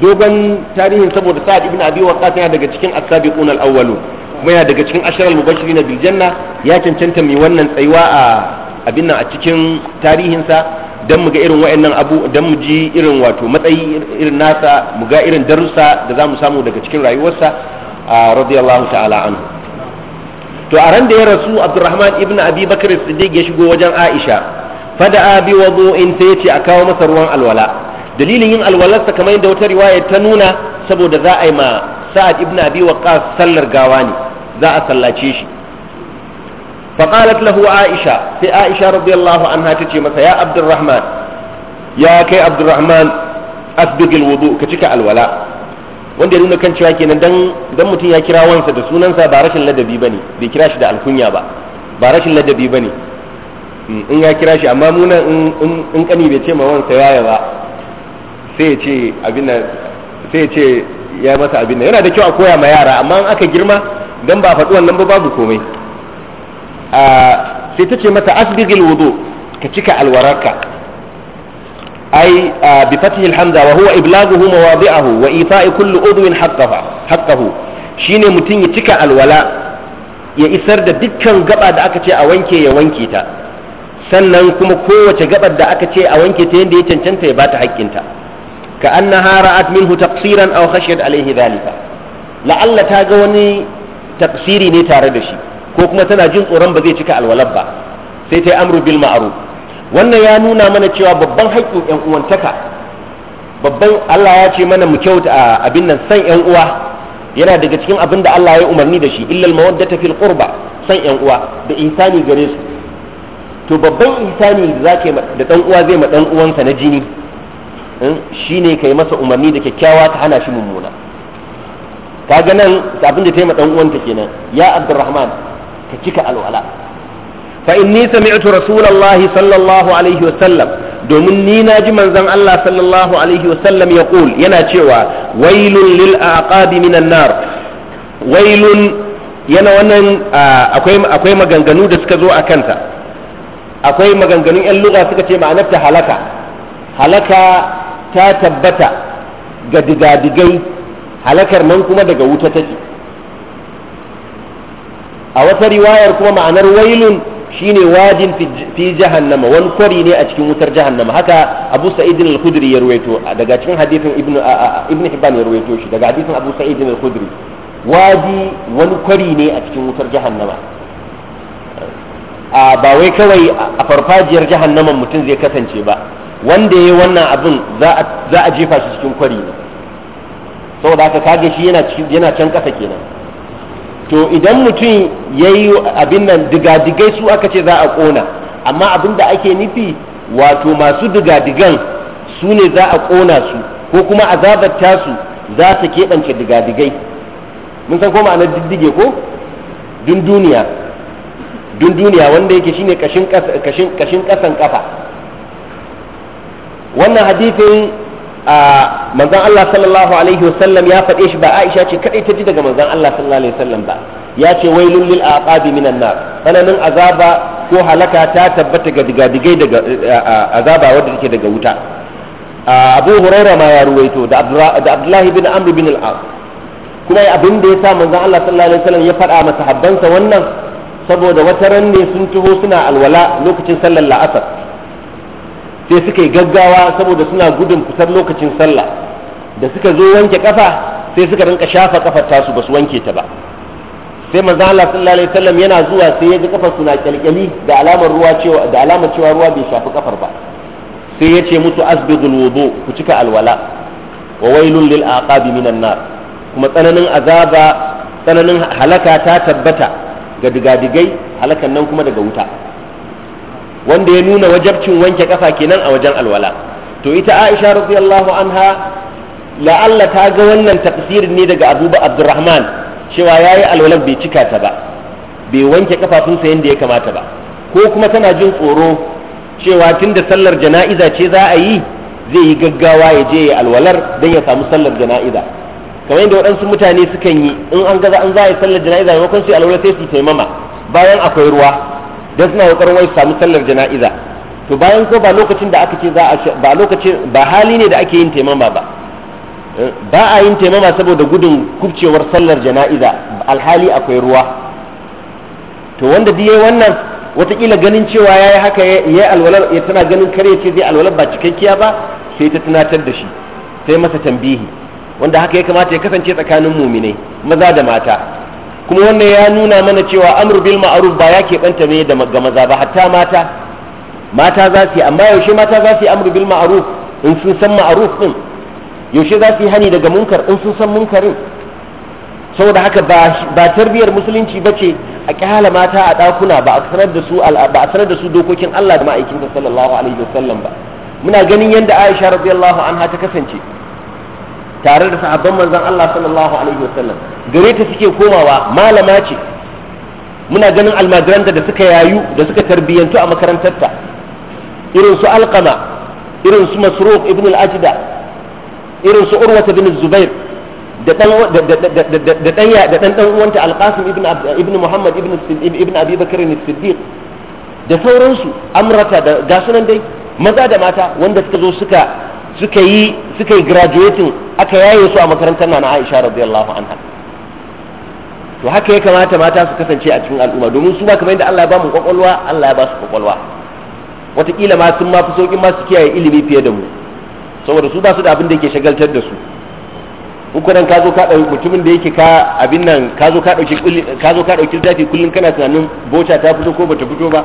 dogon tarihin saboda sa'ad ibn abi waqqas yana daga cikin as-sabiqun al-awwalun kuma yana daga cikin asharal mubashirin bil janna ya cancanta mai wannan tsayuwa a abin nan a cikin tarihinsa dan mu ga irin wayannan abu dan mu ji irin wato matsayi irin nasa mu ga irin darussa da za mu samu daga cikin rayuwarsa radiyallahu ta'ala anhu to a ran da ya rasu Abdurrahman ibn Abi Bakr Siddiq ya shigo wajen Aisha fada'a bi wudu'in sai ce a kawo masa ruwan alwala dalilin yin alwalarsa kamar yadda wata riwaya ta nuna saboda za a yi ma Sa'ad ibn Abi Waqqas sallar gawa ne za a sallace shi فقالت له عائشة في عائشة رضي الله عنها تجي مثلا يا عبد الرحمن يا كي عبد الرحمن أسبق الوضوء كتك الولاء wanda ya nuna kan cewa kenan dan dan mutum ya kira wansa da sunansa ba rashin ladabi bane bai kira shi da alkunya ba ba rashin ladabi bane hmm, in ya kira shi amma muna in kani bai ce ma wansa yaya ba sai ya ce abin sai ya ce ya masa abin yana da kyau a koya ma yara amma in aka girma dan ba faɗi wannan ba babu komai sai ta ce mata asbigil wudu ka cika alwararka ai bi fathil hamza wa huwa iblaguhu mawadi'ahu wa ita'i kulli udwin haqqahu shine mutum ya cika alwala ya isar da dukkan gaba da aka ce a wanke ya wanke ta sannan kuma kowace gabar da aka ce a wanke ta yadda ya cancanta ya bata haƙƙinta ka anna ra'at minhu taqsiran aw khashiyat alayhi dhalika la'alla ta ga wani taqsiri ne tare da shi ko kuma tana jin tsoron ba zai cika alwalar ba sai ta yi amru bil ma'ruf wannan ya nuna mana cewa babban haƙƙin yan uwantaka babban Allah ya ce mana mu kyauta abin nan san yan uwa yana daga cikin abin da Allah ya umarni da shi illal mawaddata fil qurba san yan uwa da insani gare su to babban insani da zake da dan uwa zai ma dan uwansa na jini hmm, shine kai masa umarni da kyakkyawa ta hana shi mummuna kaga nan abin da ta yi ma dan uwanta kenan ya abdurrahman ka cika alwala fa inni sami'tu rasulullahi sallallahu alaihi wa sallam domin ni na ji manzon Allah sallallahu alaihi wa sallam ya qul yana cewa wailun lil aqabi minan nar wailun yana wannan akwai akwai maganganu da suka zo a kanta akwai maganganun yan lugha suka ce ma'anar ta halaka halaka ta tabbata ga digadigai halakar nan kuma daga wuta take a wata riwayar kuma ma'anar wailun shine wajin fi jahannama wani kwari ne a cikin wutar jahannama haka abu sa'idin al-khudri ya ruwaito daga cikin hadithin ibnu ibnu hibban ya ruwaito shi daga hadithin abu sa'idin al-khudri wadi wani kwari ne a cikin wutar jahannama a ba wai kawai a farfajiyar jahannaman mutum zai kasance ba wanda ya yi wannan abin za a jefa shi cikin kwari ne saboda haka kage shi yana can kasa kenan to idan mutum ya yi abin nan digadigai su aka ce za a ƙona amma abin da ake nufi wato masu digadigan su ne za a ƙona su ko kuma azabar su za su keɓance digadigai mun san ko ma'anar diddige ko dun duniya wanda yake shine kashin kashin kasan kafa wannan hadithin a manzon Allah sallallahu alaihi wasallam ya faɗe shi ba Aisha ce kadai ta ji daga manzon Allah sallallahu alaihi wasallam ba ya ce wailul lil aqabi minan nar sananin azaba ko halaka ta tabbata ga digadigai daga azaba wanda take daga wuta Abu Hurairah ma ya ruwaito da Abdullahi bin Amr bin al-As kuma abin da ya sa manzon Allah sallallahu alaihi wasallam ya faɗa masa habbansa wannan saboda wata ne sun taho suna alwala lokacin sallar la'asar sai suka yi gaggawa saboda suna gudun fitar lokacin sallah da suka zo wanke kafa sai suka rinka shafa kafar tasu ba su wanke ta ba sai manzo Allah sallallahu alaihi wasallam yana zuwa sai ya ga kafar suna kyalkyali da alamar ruwa cewa da alamar cewa ruwa bai shafi kafar ba sai ya ce musu asbidul wudu ku cika alwala wa wailul lil aqabi minan nar kuma tsananin azaba tsananin halaka ta tabbata ga digadigai halakan nan kuma daga wuta wanda ya nuna wajabcin wanke kafa kenan a wajen alwala to ita Aisha radiyallahu anha la'alla ta ga wannan tafsirin ne daga Abu Abdurrahman cewa yayi alwalan bai cika ta ba bai wanke kafafunsa yadda ya kamata ba ko kuma tana jin tsoro cewa tunda sallar jana'iza ce za a yi zai yi gaggawa ya je ya alwalar don ya samu sallar jana'iza kamar yadda waɗansu mutane sukan yi in an gaza an za a yi sallar jana'iza maimakon su alwala sai su taimama bayan akwai ruwa dan suna kokarin wai samu sallar jana'iza to bayan ko ba lokacin da aka ce za a ba lokacin ba hali ne da ake yin taimama ba eh, ba a yin taimama saboda gudun kubcewar sallar jana'iza alhali akwai ruwa to wanda diye wannan watakila ganin cewa yayi haka yayi alwalar ya tana ganin kare ce zai alwalar ba cikakkiya ba sai ta tunatar da shi sai masa tambihi wanda haka ya kamata ya kasance tsakanin muminai maza da mata kuma wannan ya nuna mana cewa amru bil ma'ruf ba ya keɓanta ne da ga maza ba hatta mata mata za su yi amma yaushe mata za su yi amru bil ma'ruf in sun san ma'ruf din yaushe za su yi hani daga munkar in sun san munkarin saboda haka ba tarbiyar musulunci ba ce a kyala mata a ɗakuna ba a sanar da su dokokin Allah da ma'aikinta sallallahu alaihi wasallam ba muna ganin yadda Aisha radiyallahu anha ta kasance tare da sahabban manzon Allah sallallahu alaihi wasallam gare ta suke komawa malama ce muna ganin almajiranta da suka yayu da suka tarbiyyantu a makarantarta irin su alqama irin su masruq ibn al-ajda irin su urwa ibn zubair da dan da dan da dan dan uwanta alqasim ibn ibn muhammad ibn ibn abi bakr as-siddiq da sauransu amrata da gasunan dai maza da mata wanda suka zo suka suka yi suka yi graduating aka yaye su a makarantar na Aisha radiyallahu anha to haka ya kamata mata su kasance a cikin al'umma domin su ba kamar yadda Allah ya ba mu kwakwalwa Allah ya ba su kwakwalwa wataƙila ma sun ma fi sauƙin ma su kiyaye ilimi fiye da mu saboda su ba su da abin da yake shagaltar da su nan ka zo ka ɗauki mutumin da yake ka abin nan ka zo ka ɗauki ka zo ka ɗauki zafi kullum kana tunanin bocha ta fito ko bata fito ba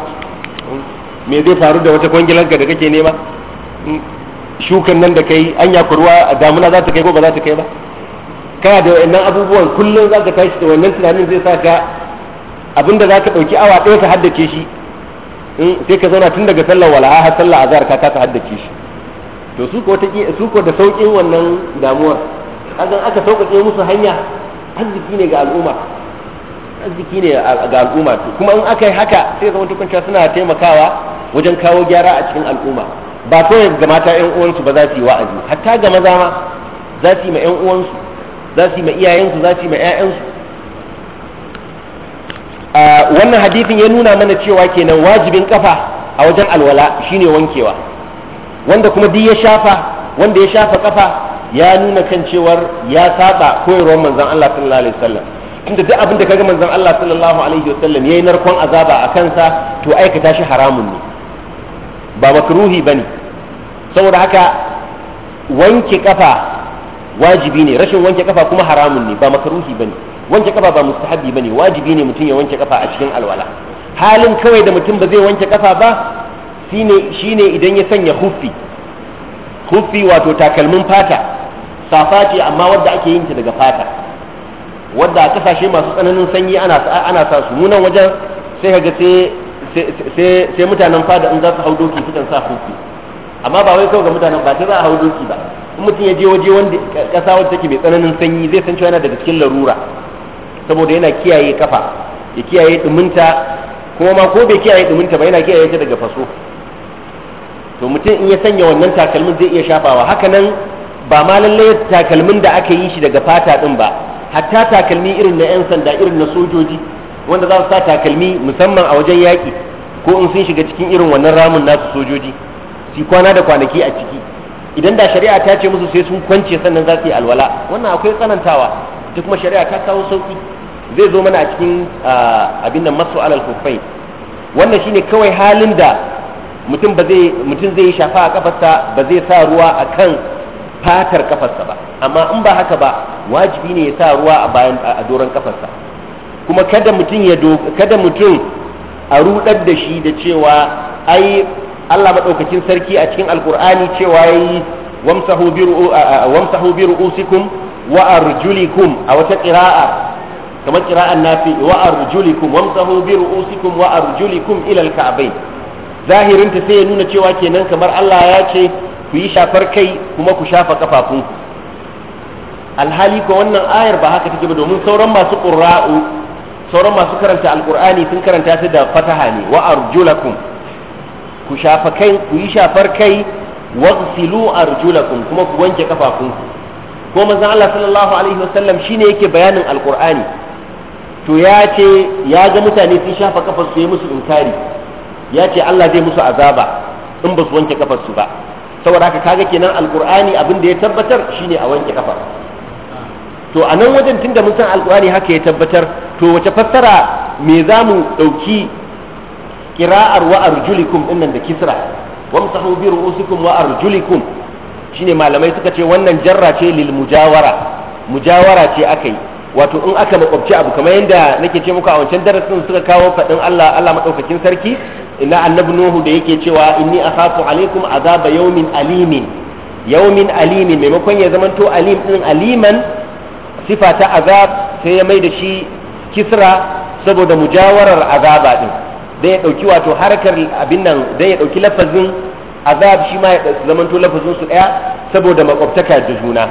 me zai faru da wata kwangilanka da kake nema shukan nan da kai an ya kurwa damuna za ta kai ko ba za ta kai ba kana da wayannan abubuwan kullum za ka tashi da wannan tunanin zai sa ka abinda za ka ɗauki awa ɗaya ka haddace shi in sai ka zauna tun daga sallar walaha har sallar azhar ka kasa haddace shi to su ko ta su ko da saukin wannan damuwar hakan aka saukake musu hanya arziki ne ga al'umma arziki ne ga al'umma kuma in aka yi haka sai zama tukunta suna taimakawa wajen kawo gyara a cikin al'umma ba ko ga mata yan uwansu ba za su yi wa'azi hatta ga maza ma za su yi ma yan uwansu za su yi ma iyayensu za su yi ma ƴaƴansu wannan hadithin ya nuna mana cewa kenan wajibin kafa a wajen alwala shine wankewa wanda kuma duk ya shafa wanda ya shafa kafa ya nuna kan cewar ya saba koyarwar manzon Allah sallallahu alaihi wasallam tunda duk abin da kaga manzon Allah sallallahu alaihi wasallam yayi narkon azaba a kansa to aikata shi haramun ne ba makruhi bane saboda haka wanke kafa wajibi ne rashin wanke kafa kuma haramun ne ba makruhi bane wanke kafa ba mustahabi bane wajibi ne mutum ya wanke kafa a cikin alwala halin kawai da mutum ba zai wanke kafa ba shine shine idan ya sanya huffi huffi wato takalmin fata safa ce amma wadda ake yin ta daga fata wadda a kasashe masu tsananin sanyi ana ana sa su nan wajen sai ka sai sai mutanen fada in za su hau doki sukan sa kofi amma ba wai kawai ga mutanen ba sai za a hau doki ba in mutum ya je waje wanda kasa wanda take mai tsananin sanyi zai san cewa yana daga cikin larura saboda yana kiyaye kafa ya kiyaye duminta kuma ma ko bai kiyaye duminta ba yana kiyaye ta daga faso to mutum in ya sanya wannan takalmin zai iya shafawa haka nan ba ma lallai takalmin da aka yi shi daga fata din ba hatta takalmi irin na 'yan sanda irin na sojoji wanda za su sa takalmi musamman a wajen yaƙi ko in sun shiga cikin irin wannan ramin nasu sojoji su kwana da kwanaki a ciki idan da shari'a ta ce musu sai sun kwance sannan za su yi alwala wannan akwai tsanantawa ta kuma shari'a ta kawo sauki zai zo mana a cikin abin nan masu alal kufai wannan shine kawai halin da mutum ba zai mutum zai yi shafa a kafarsa ba zai sa ruwa a kan fatar kafarsa ba amma in ba haka ba wajibi ne ya sa ruwa a bayan a doron kafarsa kuma kada mutum ya kada mutum a rudar da shi da cewa ai Allah madaukakin sarki a cikin alkur'ani cewa yayi wamsahu bi wamsahu bi ru'usikum wa arjulikum a wata qira'a kamar qira'an nafi wa arjulikum wamsahu bi ru'usikum wa arjulikum ila alka'bayn zahirin ta sai ya nuna cewa kenan kamar Allah ya ce ku yi shafar kai kuma ku shafa kafafunku alhali ko wannan ayar ba haka take ba domin sauran masu qurra'u sauran masu karanta alkur'ani sun karanta su da fataha ne wa arjulakum ku shafa kai ku yi shafar kai waghsilu arjulakum kuma ku wanke kafafunku ko manzon Allah sallallahu alaihi wasallam shine yake bayanin alkur'ani to ya ce ya ga mutane sun shafa kafar su yi musu inkari ya ce Allah zai musu azaba in ba su wanke kafar su ba saboda haka kaga kenan alkur'ani abin da ya tabbatar shine a wanke kafar to a nan wajen tunda mun san alkurani haka ya tabbatar to wace fassara me za mu ɗauki kira'ar wa arjulikum din nan da kisra wamsahu bi ru'usikum wa arjulikum shine malamai suka ce wannan jarra ce lil mujawara mujawara ce akai wato in aka makwabci abu kamar yadda nake ce muku a wancan darasin suka kawo faɗin Allah Allah madaukakin sarki ina annabi nuhu da yake cewa inni akhafu alaikum azaba yawmin alimin yawmin alimin maimakon ya zamanto alim din aliman sifa ta azab sai ya mai da shi kisra saboda mujawarar azaba din dai ya dauki wato harkar abin nan dai ya dauki lafazin azab shi ma ya zamanto lafazin su daya saboda makwabtaka da juna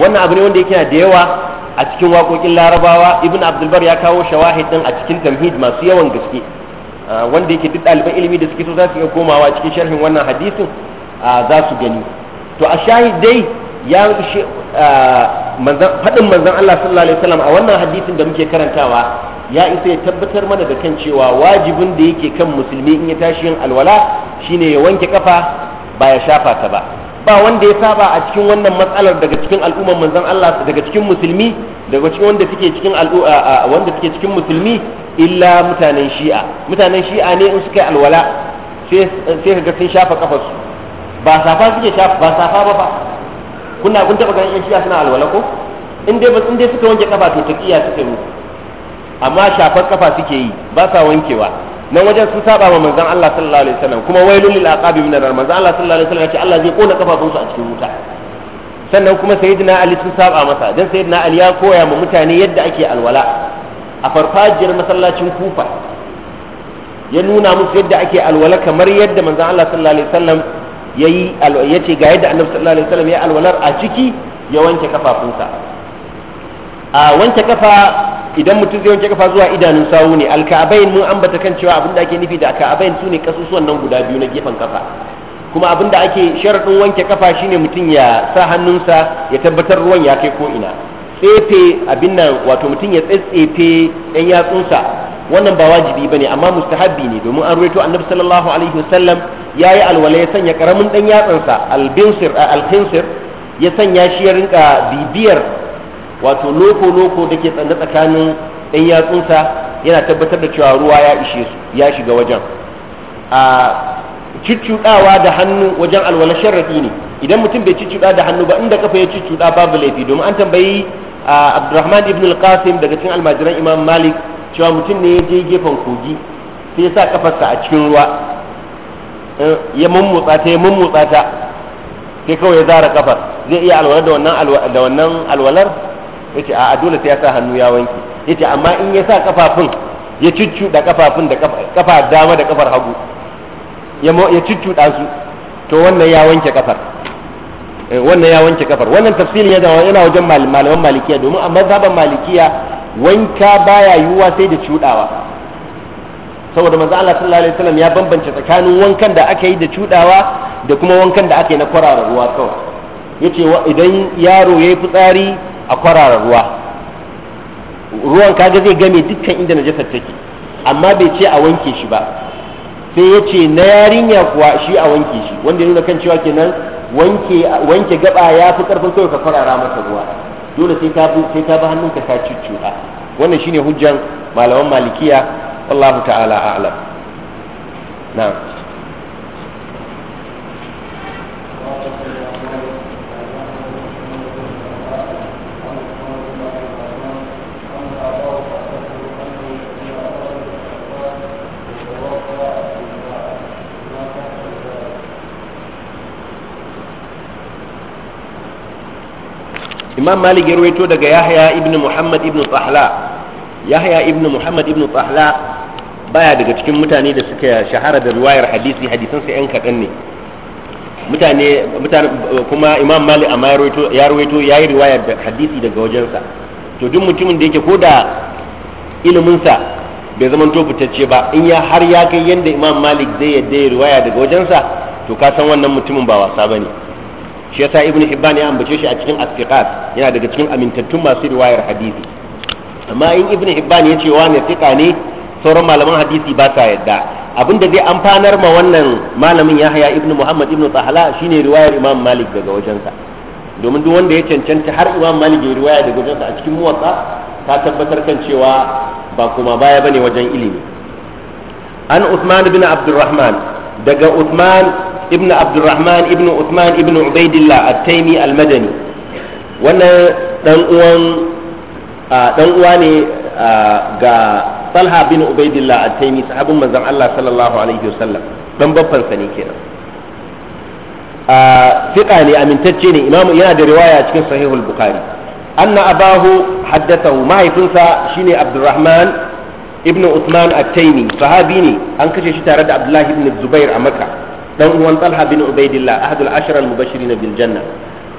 wannan abu ne wanda yake da yawa a cikin waƙoƙin larabawa ibn abdulbar ya kawo shawahid din a cikin tamhid masu yawan gaske wanda yake duk ɗaliban ilimi da suke so za su iya komawa cikin sharhin wannan hadisin za su gani to a shahid dai ya faɗin manzon Allah sallallahu alaihi wasallam a wannan hadisin da muke karantawa ya isa ya tabbatar mana da kan cewa wajibin da yake kan musulmi in ya tashi yin alwala shine ya wanke kafa ba ya shafa ta ba ba wanda ya saba a cikin wannan matsalar daga cikin al'ummar manzon Allah daga cikin musulmi daga cikin wanda suke cikin wanda suke cikin musulmi illa mutanen shi'a mutanen shi'a ne in suka yi alwala sai sai ga sun shafa kafarsu ba safa suke shafa ba safa ba kuna kun taba ganin yan shiya suna alwala ko in dai ba in dai suka wanke kafa to takiya suka yi amma shafar kafa suke yi ba sa wankewa nan wajen sun saba ma manzon Allah sallallahu alaihi wasallam kuma wailul lil aqabi min nar manzon Allah sallallahu alaihi wasallam ya ce Allah zai kona kafafun su a cikin wuta sannan kuma sayyidina Ali sun saba masa dan sayyidina Ali ya koya ma mutane yadda ake alwala a farfajiyar masallacin Kufa ya nuna musu yadda ake alwala kamar yadda manzon Allah sallallahu alaihi wasallam yayi yace ga yadda annabi sallallahu alaihi wasallam ya alwalar a ciki ya wanke kafafunsa a wanke kafa idan mutum zai wanke kafa zuwa idanun sawu ne alka'abain mun ambata kan cewa abinda ake nufi da alka'abain sune kasusuwan nan guda biyu na gefen kafa kuma abinda ake sharadin wanke kafa shine mutum ya sa hannunsa ya tabbatar ruwan ya kai ko ina tsefe abin nan wato mutum ya tsetsefe ɗan yatsunsa wannan ba wajibi bane amma mustahabbi ne domin an ruwaito annabi sallallahu alaihi wasallam ya yi alwala ya sanya karamin dan yatsansa albinsir alhinsir ya sanya shi ya rinka bibiyar wato loko loko da ke tsanda tsakanin dan yatsunsa yana tabbatar da cewa ruwa ya ishe su ya shiga wajen a da hannu wajen alwala sharrafi ne idan mutum bai ciccuɗa da hannu ba inda kafa ya ciccuɗa babu laifi domin an tambayi abdurrahman ibn al-qasim daga cikin almajiran imam malik cewa mutum ne ya je gefen kogi sai ya sa kafarsa a cikin ruwa ya mummutsa ta ya mummutsa ta sai kawai ya zara kafar zai iya alwalar da wannan da wannan alwalar yace a dole sai ya sa hannu ya wanke yace amma in ya sa kafafun ya da kafafun da kafa dama da kafar hagu ya ya cuccuda su to wannan ya wanke kafar eh, wannan ya wanke kafar wannan tafsirin ya zama yana wajen malaman malikiya domin a mazhaban malikiya wanka baya yiwuwa sai da cudawa saboda manzo Allah sallallahu alaihi wasallam ya bambance tsakanin wankan da aka yi da cudawa da kuma wankan da aka yi na kwarara ruwa kawai yace idan yaro yayi fitsari a kwarara ruwa ruwan kaga zai game dukkan inda najasar take amma bai ce a wanke shi ba sai yace ce na yarinya kuwa shi a wanke shi wanda ya nuna kan cewa kenan wanke wanke gaba ya fi karfin kawai ka kwarara masa ruwa dole sai ka sai ka bi hannunka ka cuccuɗa wannan shine hujjan malaman malikiya والله تعالى أعلم نعم إمام مالك يرويته دقى يحيى ابن محمد ابن طحلاء يحيى ابن محمد ابن طحلاء baya daga cikin mutane da suka shahara da riwayar hadisi hadisan sai yan kaɗan ne mutane kuma imam malik a ya ruwaito ya yi riwayar da hadisi daga wajensa to duk mutumin da yake ko da iliminsa bai zama to fitacce ba in ya har ya kai yadda imam malik zai yadda ya riwaya daga wajensa to ka san wannan mutumin ba wasa ba ne shi yasa ibnu hibban ya ambace shi a cikin asfiqat yana daga cikin amintattun masu riwayar hadisi amma in ibnu hibban ya ce wa ne fiqa ne sauran malaman hadisi ba sa yadda abinda zai amfanar ma wannan malamin ya haya ibnu Muhammad ibnu sahala shine riwayar Imam Malik daga wajensa domin duk wanda ya cancanta har Imam Malik ya riwaya daga wajensa a cikin muwatsa ta tabbatar kan cewa ba kuma baya bane wajen ilimi an usman ibn Abdurrahman daga usman ibn Abdurrahman ibn usman ibn Ubaidillah at-Taymi al-Madani wannan dan uwan dan uwa ne ga talha bin ubaidillah at-taimi sahabin manzon Allah sallallahu alaihi wasallam dan babban sa ne kenan fiqa ne amintacce ne imamu yana da riwaya cikin sahihul bukhari anna abahu haddathahu mahaifinsa shine abdurrahman ibn usman at-taimi sahabi ne an kashe shi tare da abdullahi ibn zubair a makka dan uwan talha bin ubaidillah ahadul ashara al-mubashirin bil janna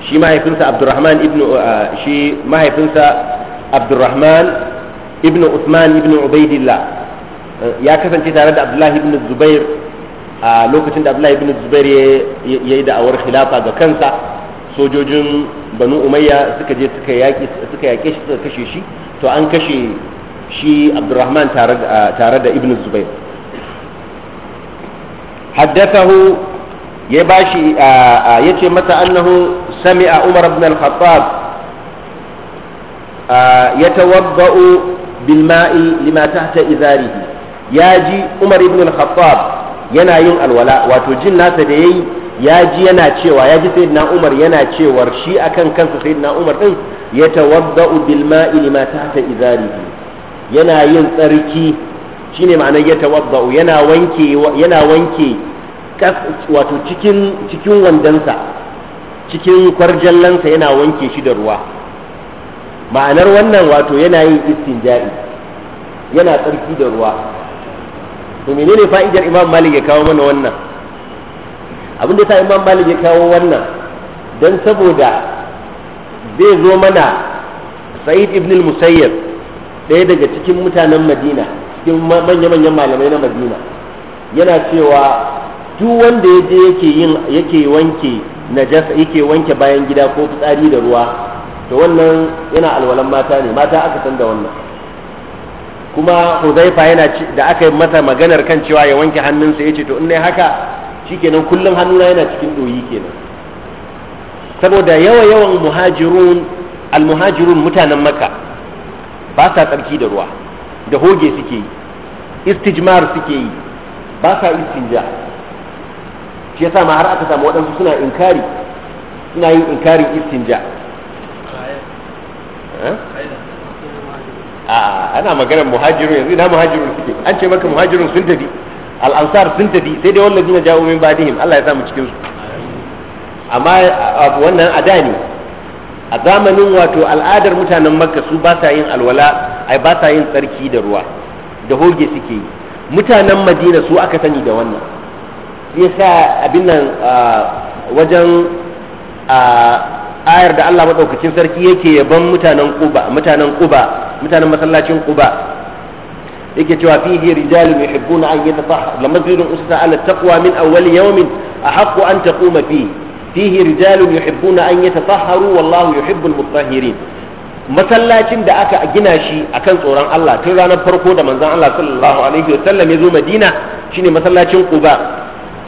shi mahaifinsa abdurrahman ibn uh, shi mahaifinsa abdurrahman ibn Usman ibn Ubaidillah eh, ya kasance tare da Abdullahi ibn Zubair a lokacin da Abdullahi ibn Zubair ya yi da'awar khilafa ga kansa sojojin Banu Umayya suka je suka yaƙi suka yaƙe shi suka kashe shi to an kashe shi Abdurrahman tare da tare da ibn Zubair haddathahu ya bashi yace mata annahu sami'a Umar ibn al-Khattab يتوضأ bilma'i ma'i ta tahta izarihi ya ji Umar ibn al-Khattab yana yin alwala wato jin nasa da yayi ya ji yana cewa ya ji sayyidina Umar yana cewa shi akan kansa sayyidina Umar din ya tawadda'u bil ma'i lima ta izarihi yana yin tsarki shine ma'anar ya tawadda'u yana wanke yana wanke wato cikin cikin wandansa cikin kwarjallansa yana wanke shi da ruwa ma'anar wannan wato yana yin istinja'i yana tsarki da ruwa to menene fa'idar imam malik ya kawo mana wannan abin da sa imam malik ya kawo wannan don saboda zai zo mana sa'id ibn al-musayyib ɗaya daga cikin mutanen madina cikin manya-manyan malamai na madina yana cewa duk wanda ya yake yin yake wanke najasa yake wanke bayan gida ko fitsari da ruwa to wannan yana alwalan mata ne mata aka san da wannan kuma huzaifa yana da aka yi mata maganar kan cewa ya wanke hannunsa ya ce to in ne haka shikenan kullum hannuna yana cikin doyi kenan saboda yawa yawan muhajirun almuhajirun mutanen maka ba sa tsarki da ruwa da hoge suke yi istijmar suke yi ba sa istinja shi yasa ma har aka samu waɗansu suna inkari suna yin inkarin istinja Eh? ana maganar muhajiru yanzu ina muhajiru suke an ce maka muhajirun sun tafi al'ansar sun tafi sai dai wallazi na jawo min badihim Allah ya samu cikin su amma wannan a dani a zamanin wato al'adar mutanen makka su ba sa yin alwala ai ba sa yin tsarki da ruwa da hoge suke yi mutanen madina su aka sani da wannan yasa abin nan wajen ayar da Allah madaukakin sarki yake yaban mutanen Quba mutanen Quba mutanen masallacin Quba yake cewa fihi rijalun yuhibbuna an yatatahharu lamasjidun usisa ala taqwa min awwal yawmin ahaqqu an taquma fihi fihi rijalun yuhibbuna an yatatahharu wallahu yuhibbul mutahhirin masallacin da aka gina shi akan tsoron Allah tun ranar farko da manzon Allah sallallahu alaihi wasallam ya zo Madina shine masallacin Quba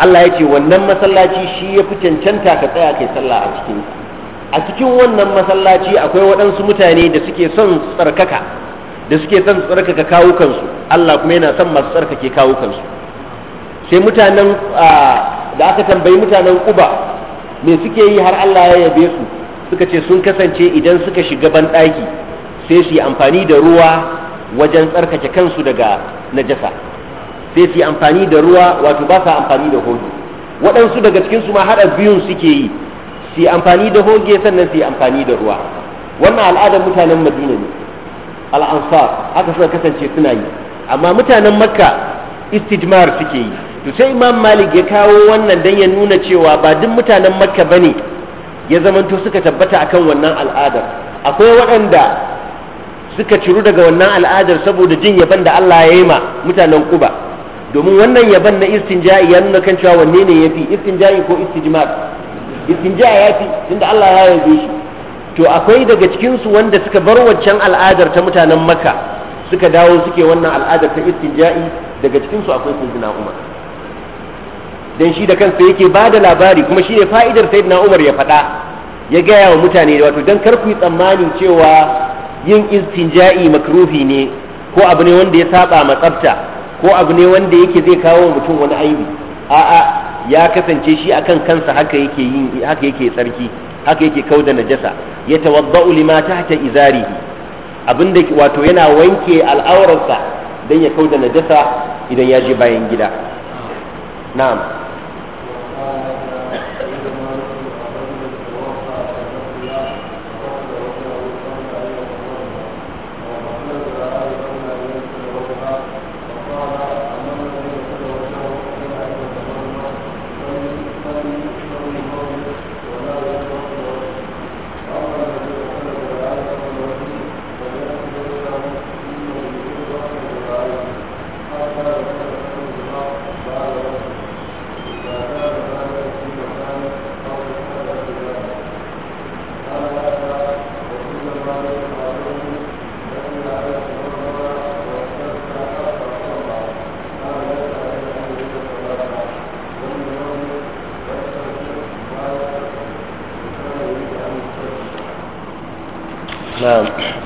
Allah ya ce wannan masallaci shi ya fi cancanta ka tsaya kai sallah a cikin a cikin wannan masallaci akwai waɗansu mutane da suke son tsarkaka da suke son tsarkaka kawukansu Allah kuma yana son masu tsarkake kawukansu sai mutanen da aka tambayi mutanen kuba me suke yi har Allah ya yabe su suka ce sun kasance idan suka shiga banɗaki sai su yi amfani da ruwa wajen tsarkake kansu daga najasa sai su yi amfani da ruwa wato ba sa amfani da hoji waɗansu daga cikinsu ma haɗa biyun suke yi su amfani da hoge sannan su amfani da ruwa wannan al'adar mutanen madina ne al'ansar haka suka kasance suna yi amma mutanen makka istijmar suke yi to sai imam malik ya kawo wannan dan ya nuna cewa ba duk mutanen makka bane ya zamanto suka tabbata akan wannan al'adar akwai waɗanda suka ciru daga wannan al'adar saboda jin yaban da Allah ya yi ma mutanen kuba domin wannan yaban na istinja'i ya nuna kan cewa wanne ne ya fi istinja'i ko istijmar istinja ya fi tunda Allah ya yabe shi to akwai daga cikin su wanda suka bar waccan al'adar ta mutanen Makka suka dawo suke wannan al'adar ta istinja'i daga cikin su akwai sayyidina Umar dan shi da kansa yake ba da labari kuma shi ne fa'idar sayyidina Umar ya faɗa ya gaya wa mutane wato dan kar ku yi tsammanin cewa yin istinja'i makruhi ne ko abu ne wanda ya saba ma tsafta ko abu ne wanda yake zai kawo mutum wani aibi a'a ya kasance shi akan kansa haka yake yin haka yake tsarki haka yake kauda najasa ya tawadda'u lima tahta izarihi abinda wato yana wanke al'aurarsa dan ya kauda najasa idan ya je bayan gida na'am ah,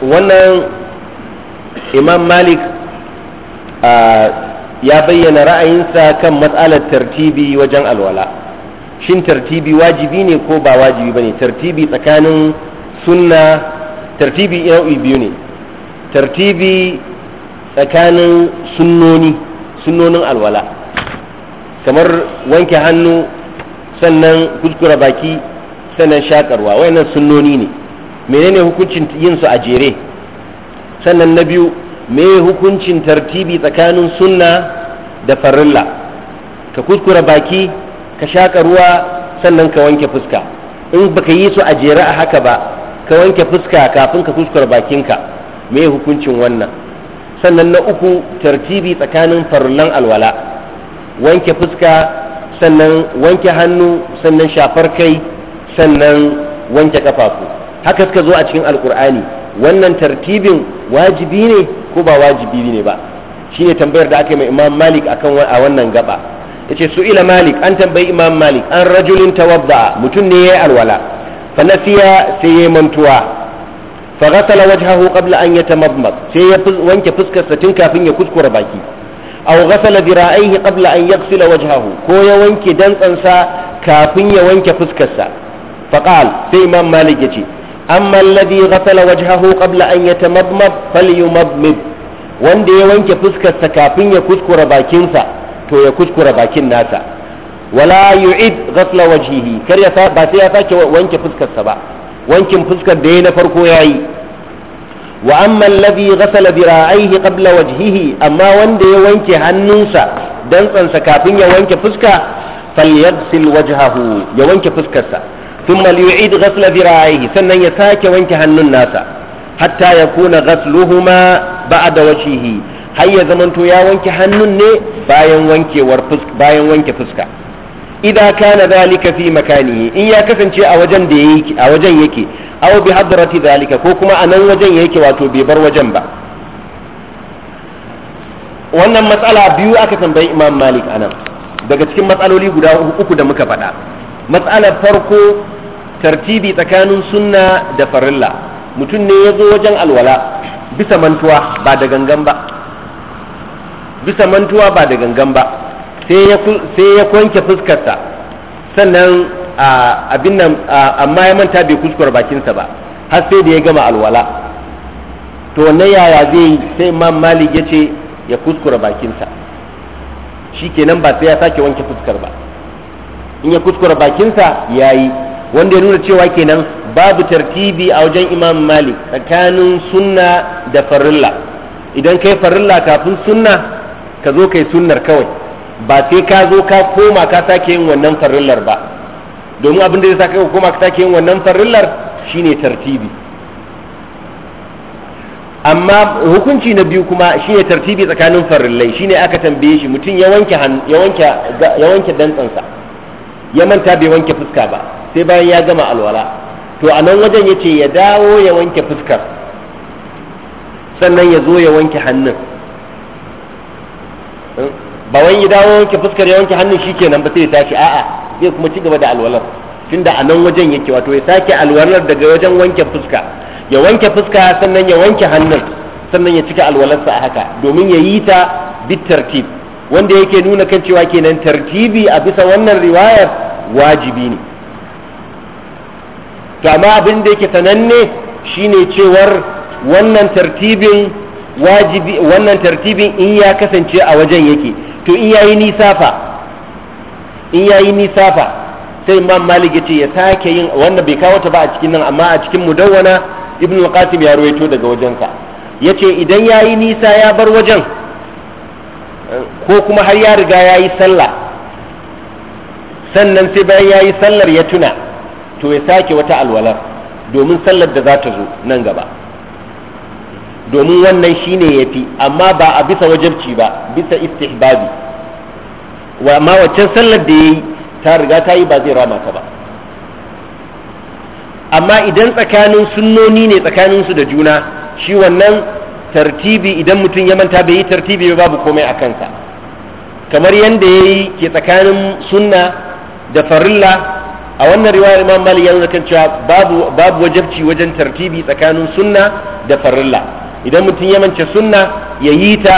wannan imam malik ya bayyana ra'ayinsa kan matsalar tartibi wajen alwala shin tartibi wajibi ne ko ba wajibi ba ne tartibi tsakanin sunna tartibi nau'i biyu ne tartibi tsakanin sunnoni sunnonin alwala kamar wanke hannu sannan kuskura baki sannan shakarwa wayannan sunnoni ne menene hukuncin yin su a jere sannan na biyu me hukuncin tartibi tsakanin sunna da farilla ka kuskura baki ka shaka ruwa sannan ka wanke fuska in baka yi su a jere a haka ba ka wanke fuska kafin ka kuskura bakinka me hukuncin wannan sannan na uku tartibi tsakanin farullan alwala wanke fuska sannan wanke hannu sannan shafar kai sannan wanke kafafu haka suka zo a cikin alkur'ani wannan tartibin wajibi ne ko ba wajibi ne ba shine tambayar da aka yi mai imam malik akan a wannan gaba yace su ila malik an tambayi imam malik an rajulin tawadda mutum ne yayi alwala fa nasiya sai yayi mantuwa fa ghasala wajhahu qabla an yatamammad sai ya wanke fuskarsa tun kafin ya kuskura baki aw ghasala dira'aihi qabla an yaghsila wajhahu ko ya wanke dantsansa kafin ya wanke fuskarsa fa qal sai imam malik yace amma alladhi ghasala wajhahu qabla an yatamadmad falyumadmid wanda ya wanke fuskarsa kafin ya kuskura bakinsa to ya kuskura bakin nasa wala yu'id ghasla wajhihi kar ya ba sai ya sake wanke fuskarsa ba wankin fuskar da ya na farko yayi wa amma alladhi ghasala bira'aihi qabla wajhihi amma wanda ya wanke hannunsa dantsansa kafin ya wanke fuska falyaghsil wajhahu ya wanke fuskarsa thumma liyu'id ghasla diraihi sannan ya sake wanke hannun nasa hatta ya kona yakuna ghasluhuma ba'da wajhihi har ya zamanto ya wanke hannun ne bayan wanke fuska idakana kana fi makanihi in ya kasance a wajen yake a wajen yake ko kuma a nan wajen yake wato bai bar wajen ba wannan matsala biyu aka tambayi imam malik anan daga cikin matsaloli guda uku da muka faɗa matsalar farko tartibi tsakanin sunna da farilla mutum ne ya zo wajen alwala bisa mantuwa ba da gangan ba bisa mantuwa ba da gangan ba sai ya kwanke fuskarsa sannan abin nan amma ya manta bai kuskure bakinsa ba har sai da ya gama alwala to na yaya zai yi sai imam malik ya ce ya kuskura bakinsa shi kenan ba sai ya sake wanke fuskar ba in ya kuskura bakinsa ya yi wanda ya nuna cewa kenan babu tartibi a wajen imam malik tsakanin sunna da farilla idan kai farilla kafin sunna ka zo kai sunnar kawai ba sai ka zo ka koma ka sake yin wannan farillar ba domin abin da zai sa ka koma ka sake yin wannan farillar shine tartibi amma hukunci na biyu kuma shine tartibi tsakanin farillai shine aka tambaye shi mutum ya wanke ya wanke ya wanke dantsansa ya manta bai wanke fuska ba sai bayan ya gama alwala to a nan wajen yace ya dawo ya wanke fuskar sannan ya zo ya wanke hannun ba wani ya dawo wanke fuskar ya wanke hannun shikenan ba sai ya tashi a'a zai kuma ci gaba da alwalar tunda a nan wajen yake wato ya sake alwalar daga wajen wanke fuska ya wanke fuska sannan ya wanke hannun sannan ya cika alwalarsa a haka domin ya yi ta bit tartib wanda yake nuna kan cewa kenan tartibi a bisa wannan riwayar wajibi ne to amma abin da yake sananne shine cewar wannan tartibin wajibi wannan tartibin in ya kasance a wajen yake to in yayi nisa fa in yayi nisa fa sai imam malik ce ya sake yin wannan bai kawo ta ba a cikin nan amma a cikin mudawwana ibnu qasim ya ruwaito daga ka yace idan yayi nisa ya bar wajen ko kuma har ya riga yayi yi sallah sannan sai bayan yayi sallar ya tuna to ya sake wata alwalar domin sallar da za ta zo nan gaba domin wannan shine fi amma ba a bisa wajabci ba bisa istihbabi wa ma waccan sallar da ya yi ta riga ta yi ba zai rama ta ba amma idan tsakanin sunnoni ne tsakanin su da juna shi wannan tartibi idan mutum ya manta bai yi tartibi ba babu komai a kansa kamar yadda ya yi ke tsakanin sunna da farilla a wannan riwayar imam malik ya nuna kan cewa babu babu wajabci wajen tartibi tsakanin sunna da farilla idan mutum ya mance sunna ya yi ta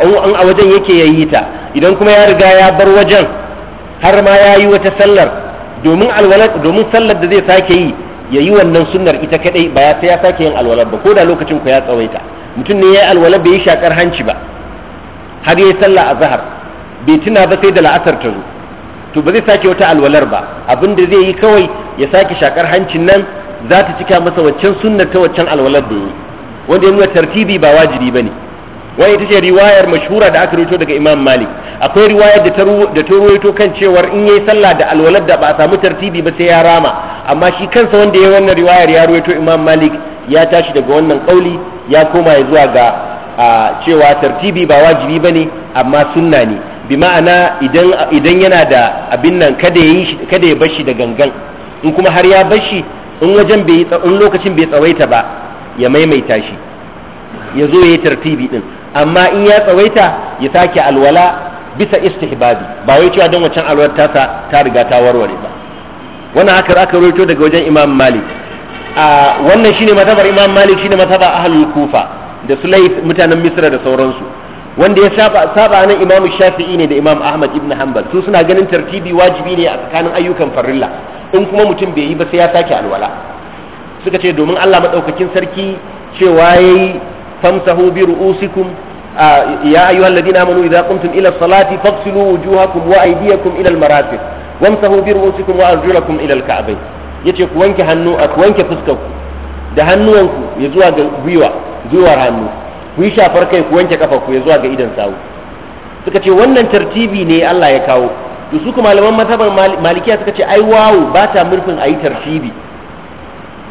an a wajen yake ya yi ta idan kuma ya riga ya bar wajen har ma ya yi wata sallar domin alwalad domin sallar da zai sake yi ya yi wannan sunnar ita kadai ba ya sai ya sake yin alwalad ba ko da lokacin ku ya tsawaita mutum ne ya yi bai yi shakar hanci ba har ya yi sallah a zahar bai tuna ba sai da la'asar ta zo to ba zai sake wata alwalar ba abin da zai yi kawai ya sake shakar hancin nan za ta cika masa waccan sunnar ta waccan alwalar da yi wanda ya nuna tartibi ba wajibi bane wai ita ce riwayar mashhura da aka rito daga Imam Malik akwai riwayar da ta da kan cewar in yayi sallah da alwalar da ba a samu tartibi ba sai ya rama amma shi kansa wanda ya wannan riwayar ya rubuto Imam Malik ya tashi daga wannan kauli ya koma ya zuwa ga cewa tartibi ba wajibi bane amma sunna ne bi ma'ana idan yana da abin nan kada ya bar shi da gangan in kuma har ya bashi in wajen bai in lokacin bai tsawaita ba ya maimaita shi ya zo ya yi tartibi din amma in ya tsawaita ya sake alwala bisa istihbabi ba wai cewa don wancan alwar tasa ta riga ta warware ba wannan haka aka rawaito daga wajen imam malik a wannan shine mazhabar imam malik shine mazhabar ahlul kufa da sulayf mutanen misra da sauransu wanda ya saba saba nan imam shafi'i ne da imam ahmad ibn hanbal su suna ganin tartibi wajibi ne a tsakanin ayyukan farilla in kuma mutum bai yi ba sai ya sake alwala suka ce domin Allah madaukakin sarki cewa yayi famsahu bi ru'usikum ya ayyuhal ladina amanu idza qumtum ila salati faghsilu wujuhakum wa aydiyakum ila al-marafiq wamsahu bi ru'usikum wa arjulakum ila al-ka'bayn yace ku wanke hannu ku wanke fuskar ku da hannuwanku ya zuwa ga gwiwa zuwa hannu ku yi shafar kai ku wanke kafa ku ya zuwa ga idan sawu suka ce wannan tartibi ne Allah ya kawo to su kuma malaman mazhabar malikiya suka ce ai wawu ba ta murfin ayi tartibi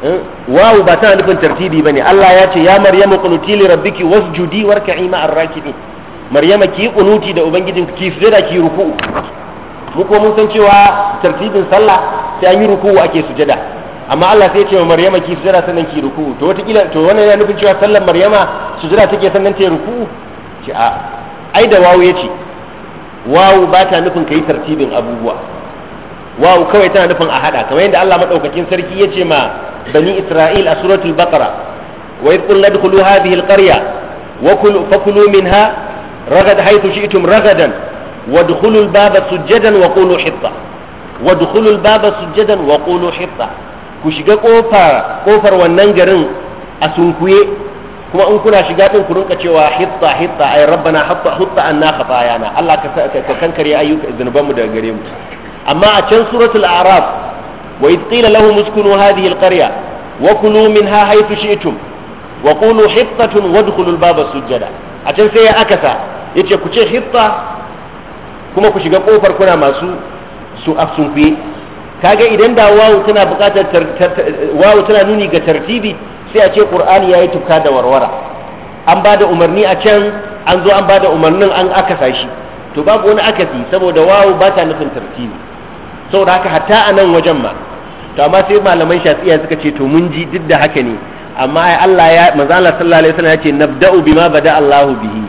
hmm? wawu ba ta nufin tartibi bane Allah ya ce ya maryamu qunuti li rabbiki wasjudi warka'i ma'ar rakibi maryama ki qunuti da ubangijin ki sujada ki ruku'u mu ko mun san cewa tartibin sallah sai an yi ruku'u ake sujada amma Allah sai ya ce wa Maryama ki sujada sannan ki ruku to wata kila to wannan yana nufin cewa sallar Maryama sujada take sannan ta ruku ce a ai da wawu yace wawu ba ta nufin kai tartibin abubuwa wawu kawai tana nufin a hada kamar yadda Allah madaukakin sarki yace ma bani Isra'il a suratul Baqara wa idh qulna dkhulu hadhihi alqarya wa kulu fakulu minha ragad haythu shi'tum ragadan وادخلوا الباب سجدا وقولوا حطة وادخلوا الباب سجدا وقولوا حطة ku shiga kofar wannan garin a sunkuye kuma in kuna shiga din ku rinka cewa hitta hitta ay rabbana hatta hutta anna yana Allah ka ka kankare ayyuka zunubanmu daga gare mu amma a can suratul a'raf wa id qila lahum uskunu hadhihi alqarya wa kulu minha haythu shi'tum wa qulu hittatun wadkhulul baba sujjada a can sai ya akasa yace ku ce hitta kuma ku shiga kofar kuna masu su afsunkuye kaga idan da wawu tana buƙatar wawu tana nuni ga tartibi sai a ce qur'ani yayi tuka da warwara an ba da umarni a can an zo an ba da umarnin an aka shi to babu wani akasi saboda wawu ba ta nufin tartibi saboda haka hatta a nan wajen ma to amma sai malaman shafi'iyya suka ce to mun ji duk da haka ne amma ai Allah ya manzo Allah sallallahu alaihi wasallam ya ce nabda'u bima bada Allahu bihi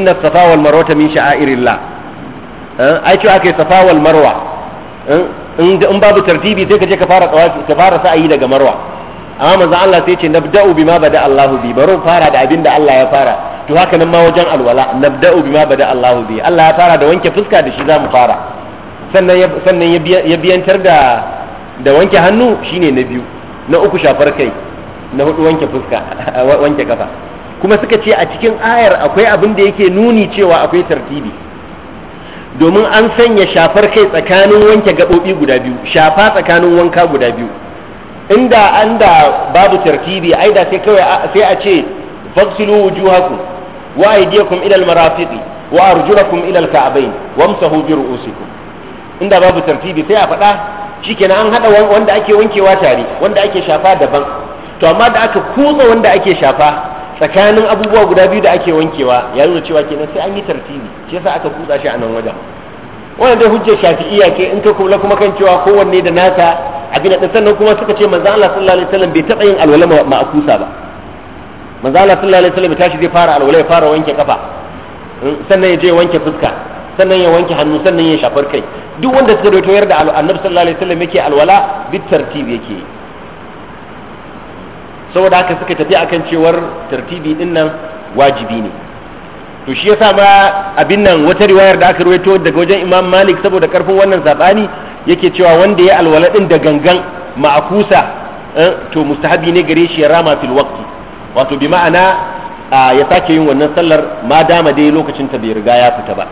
inna safa wal marwa min sha'airillah eh, ai ce akai safa wal marwa eh, in babu tartibi sai ka je ka fara tawafi ka fara sa'ayi daga marwa amma manzo Allah sai ya ce nabda'u bima bada Allahu bi baro fara da abin da Allah ya fara to haka nan ma wajen alwala nabda'u bima bada Allahu bi Allah ya fara da wanke fuska da shi zamu fara sannan sannan ya biyantar da da wanke hannu shine na biyu na uku shafar kai na hudu wanke fuska wanke kafa kuma suka ce a cikin ayar akwai abin da yake nuni cewa akwai tartibi domin an sanya shafar kai tsakanin wanke gaɓoɓi guda biyu shafa tsakanin wanka guda biyu inda an da babu tartibi ai da sai kawai sai a ce fasilu wujuhakum wa aydiyakum ila almarafiqi wa arjulakum ila alka'bayn wamsahu bi ru'usikum inda babu tartibi sai a faɗa shikenan an hada wanda ake wankewa tare wanda ake shafa daban to amma da aka kutsa wanda ake shafa tsakanin abubuwa guda biyu da ake wankewa ya nuna cewa kenan sai an yi tartibi shi yasa aka kutsa shi a nan wajen wannan dai hujjar shafi'iyya ke in ka kula kuma kan cewa kowanne da nasa abin da sannan kuma suka ce manzo Allah sallallahu alaihi wasallam bai taba yin alwala ma kusa ba manzo Allah sallallahu alaihi wasallam tashi zai fara alwala ya fara wanke kafa hmm, sannan ya je wanke fuska sannan ya wanke hannu sannan ya shafar kai duk wanda suka dotoyar da annabi sallallahu alaihi wasallam yake alwala bi tartibi yake yi saboda haka suka tafi akan cewar tartibi din nan wajibi ne to shi yasa ma abin nan wata riwayar da aka ruwaito daga wajen Imam Malik saboda karfin wannan sabani yake cewa wanda ya alwala din da gangan ma'akusa eh, to mustahabi ne gare shi ya rama fil waqti wato bi ma'ana ya sake yin wannan sallar ma dama dai lokacin ta bai riga ya fita ba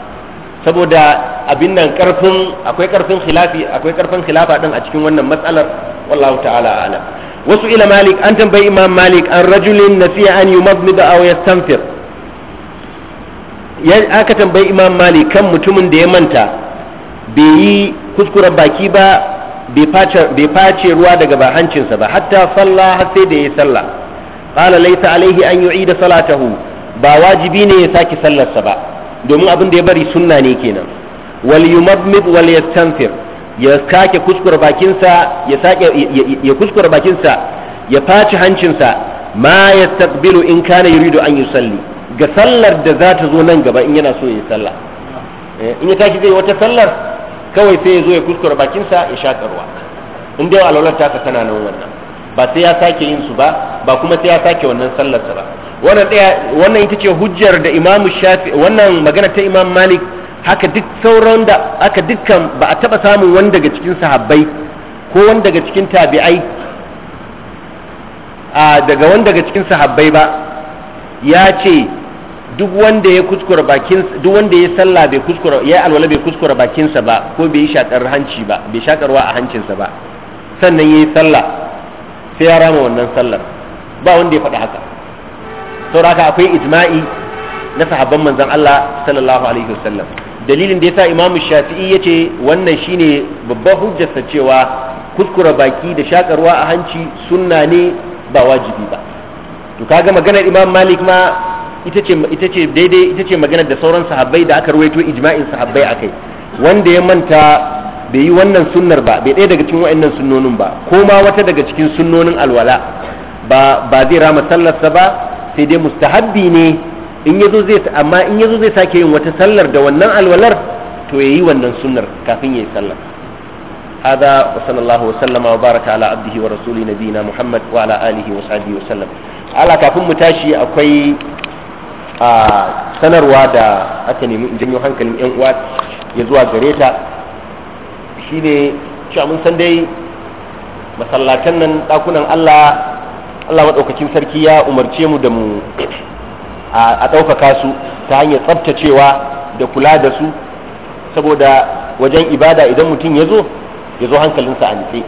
saboda abin nan karfin akwai karfin khilafi akwai karfin khilafa din a cikin wannan matsalar wallahu ta'ala a'lam wasu ila malik an tambayi imam malik an rajulin nasiya an yumadmida aw yastanfir aka tambayi imam malik kan mutumin da ya manta bai yi kuskuren baki ba bai face ruwa daga ba hancinsa ba hatta salla har sai da ya sallah qala laysa alaihi an da salatahu ba wajibi ne ya sake sallarsa ba domin abin da ya bari sunna ne kenan wal yumadmid wal yastanfir ya sake kuskure bakinsa ya sake ya kuskure bakinsa ya faci hancinsa ma ya yastaqbilu in kana yuridu an yusalli ga sallar da za ta zo nan gaba in yana so ya sallah eh, in ya tashi zai wata sallar kawai sai ya zo ya kuskure bakinsa ya shakarwa in dai ta ka tana nan wannan ba sai ya sake yin su ba ba kuma sai ya sake wannan sallarsa ba wannan ita ce hujjar da imamu shafi wannan magana ta imam malik haka duk sauran da aka dukkan ba a taba samun wani daga cikin sahabbai ko wani daga cikin tabi'ai a daga wani daga cikin sahabbai ba ya ce duk wanda ya kuskura bakin duk wanda ya salla bai kuskura ya alwala bai kuskura bakinsa ba ko bai yi shakar hanci ba bai shakarwa a hancinsa ba sannan yayi sallah sai ya rama wannan sallar ba wanda ya faɗi haka saboda haka akwai ijma'i na sahabban manzon Allah sallallahu alaihi wasallam dalilin da ya sa imam shafi'i ce wannan shine babban hujjarsa cewa kuskura baki da shakarwa a hanci sunna ne ba wajibi ba to kaga maganar imam malik ma ita ce ita maganar da sauran sahabbai da aka ruwaito ijma'in sahabbai kai wanda ya manta bai yi wannan sunnar ba bai ɗaya daga cikin wa'annan sunnonin ba ko ma wata daga cikin sunnonin alwala ba ba zai rama sallarsa ba sai dai mustahabbi ne in yazo zai amma in yazo zai sake yin wata sallar da wannan alwalar to yayi wannan sunnar kafin yayi sallar wa baraka ala abdihi wa rasuli nabina muhammad wa ala alihi wa sahbihi wa sallam ala kafin mu tashi akwai sanarwa da aka nemi in janyo hankalin yan uwa ya zuwa gare ta shine cewa mun san dai masallatan nan dakunan Allah Allah madaukakin sarki ya umarce mu da mu a ɗaukaka su ta hanyar tsabtacewa da kula da su saboda wajen ibada idan mutum ya zo ya zo hankalinsa a nitse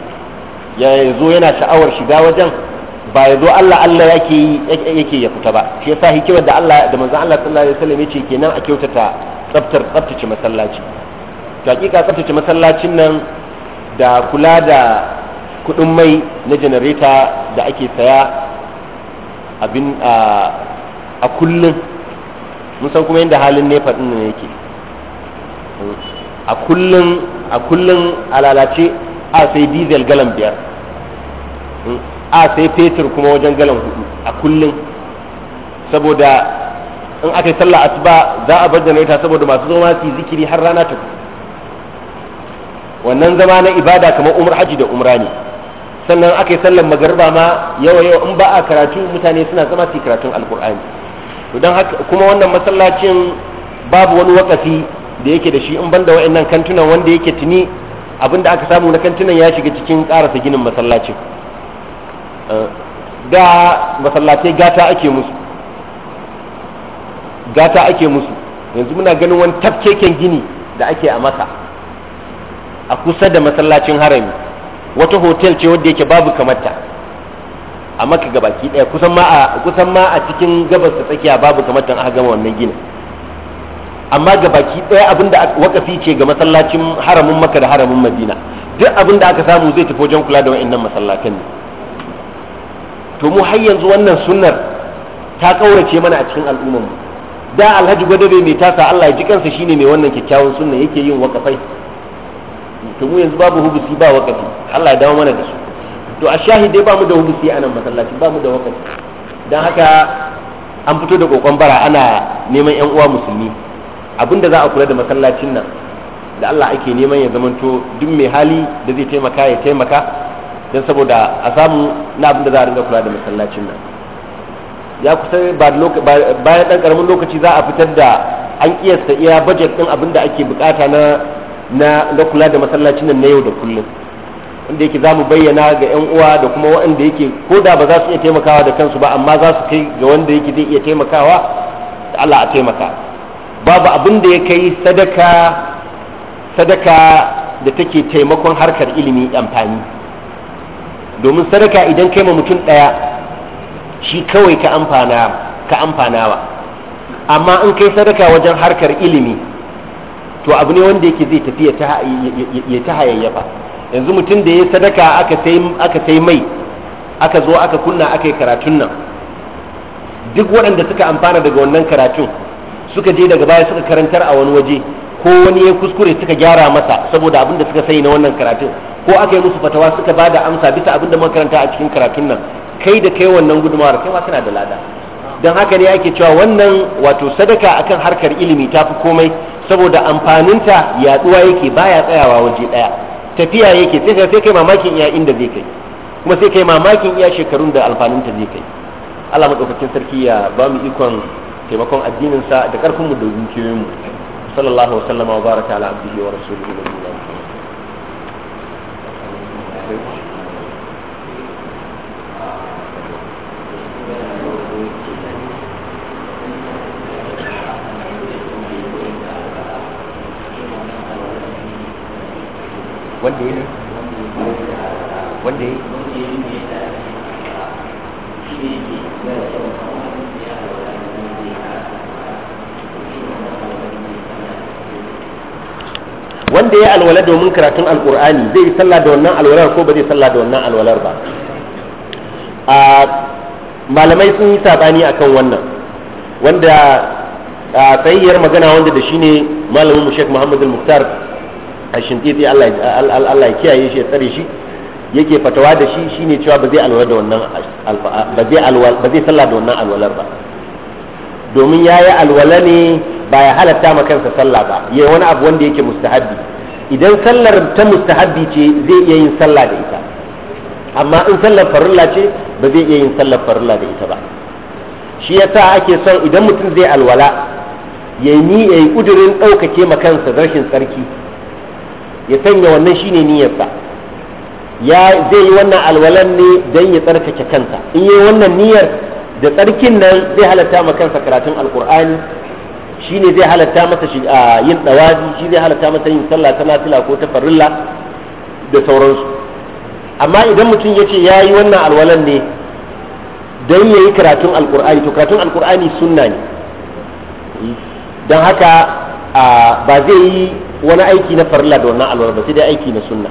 ya zo yana sha'awar shiga wajen ba ya zo Allah Allah yake yake ya fita ba shi yasa hikimar da Allah da manzon Allah sallallahu alaihi wasallam yace kenan a kyautata tsaftar tsaftace masallaci to hakika tsaftace masallacin nan da kula da kudin mai na janareta da ake saya abin a a kullum mun san kuma yadda halin nefa ɗin ne yake a kullum a kullum a lalace a sai diesel galan biyar a sai fetur kuma wajen galan hudu a kullum saboda in aka yi sallah asuba za a bar janareta saboda masu zoma su zikiri har rana ta wannan zama na ibada kamar umar haji da umra ne sannan aka yi sallar magarba ma yawa yawa in ba a karatu mutane suna zama su yi karatun alkur'ani to dan haka kuma wannan masallacin babu wani wakafi da yake da shi in banda wa'annan kantunan wanda yake tuni abinda aka samu na kantunan ya shiga cikin karasa ginin masallacin da eh, masallatai gata ake musu gata ake musu yanzu muna ganin wani tafkeken gini da ake a maka a kusa da masallacin harami wata hotel ce wadda yake babu kamarta a maka gabaki daya kusan ma a kusan ma a cikin gabas ta tsakiya babu kamar tan aka gama wannan gini amma gabaki daya abinda wakafi ce ga masallacin haramin maka da haramin madina duk abinda aka samu zai tafi wajen kula da wa'annan masallatan ne to mu har yanzu wannan sunnar ta kaurace mana a cikin al'ummar mu da alhaji gwadabe mai tasa Allah ya ji kansa shine mai wannan kyakkyawan sunna yake yin wakafai to mu yanzu babu hubusi ba wakafi Allah ya dawo mana da su to a shahidai ba mu da hukusi sai anan masallaci ba mu da wakati don haka an fito da kokon bara ana neman yan uwa musulmi abinda za a kula da masallacin nan da Allah ake neman ya zamanto duk mai hali da zai taimaka ya taimaka don saboda a samu na abinda za a ringa kula da masallacin nan ya kusa bayan dan karamin lokaci za a fitar da an kiyasta iya budget din abinda ake bukata na na kula da masallacin nan na yau da kullum wanda yake za mu bayyana ga 'yan uwa da kuma waɗanda yake ko da ba za su iya taimakawa da kansu ba amma za su kai ga wanda yake zai iya taimakawa da Allah a taimaka babu abin da ya kai sadaka sadaka da take taimakon harkar ilimi amfani domin sadaka idan kai ma mutum ɗaya shi kawai ka amfana ka amfanawa amma in kai sadaka wajen harkar ilimi to abu ne wanda yake zai tafi ya ta hayayyafa yanzu mutum da ya sadaka aka sai mai aka zo aka kunna aka yi karatun nan duk waɗanda suka amfana daga wannan karatun suka je daga baya suka karantar a wani waje ko wani ya kuskure suka gyara masa saboda abin da suka sai na wannan karatun ko aka yi musu fatawa suka ba da amsa bisa abin da makaranta a cikin karatun nan kai da kai wannan gudunmawar kai ma suna da lada don haka ne ake cewa wannan wato sadaka akan harkar ilimi ta fi komai saboda amfaninta yaduwa yake baya tsayawa waje ɗaya tafiya yake sai sai kai mamakin iya inda zai kai kuma sai kai mamakin iya shekarun da ta zai kai Allah madaukakin sarki ya ba mu ikon taimakon addinin sa da karfin mu da dukiyoyin mu sallallahu alaihi wa sallama wa baraka ala abdihi wa rasulihi wanda ya ne alwala domin karatun alkur'ani zai yi sallah da wannan alwalar ko ba zai sallah da wannan alwalar ba a malamai sun yi sabani akan wannan wanda a tsayayyar magana wanda da shi ne malamin mu Sheikh Muhammad al a sai Allah ya kiyaye shi ya tsare shi yake fatawa da shi shine cewa ba zai alwala da wannan ba zai alwala ba zai sallah da wannan alwalar ba domin ya yi alwala ne ba ya halatta ma kansa sallah ba yayi wani abu wanda yake mustahabbi idan sallar ta mustahabbi ce zai iya yin sallah da ita amma in sallar farilla ce ba zai iya yin sallar farilla da ita ba shi yasa ake son idan mutum zai alwala yayi ni yayi kudirin daukake ma kansa rashin tsarki ya sanya wannan shine niyyarsa ya zai yi wannan alwalan ne don ya tsarkake kansa in yi wannan niyyar da tsarkin nan zai halatta ma kansa karatun alkur'ani shi ne zai halatta masa yin ɗawaji shi zai halatta masa yin sallah ta ko ta farilla da sauransu amma idan mutum ya ce ya yi wannan alwalan ne don ya yi karatun alkur'ani to karatun alkur'ani sunna ne don haka ba zai yi wani aiki na farilla da wannan alwala ba sai dai aiki na sunna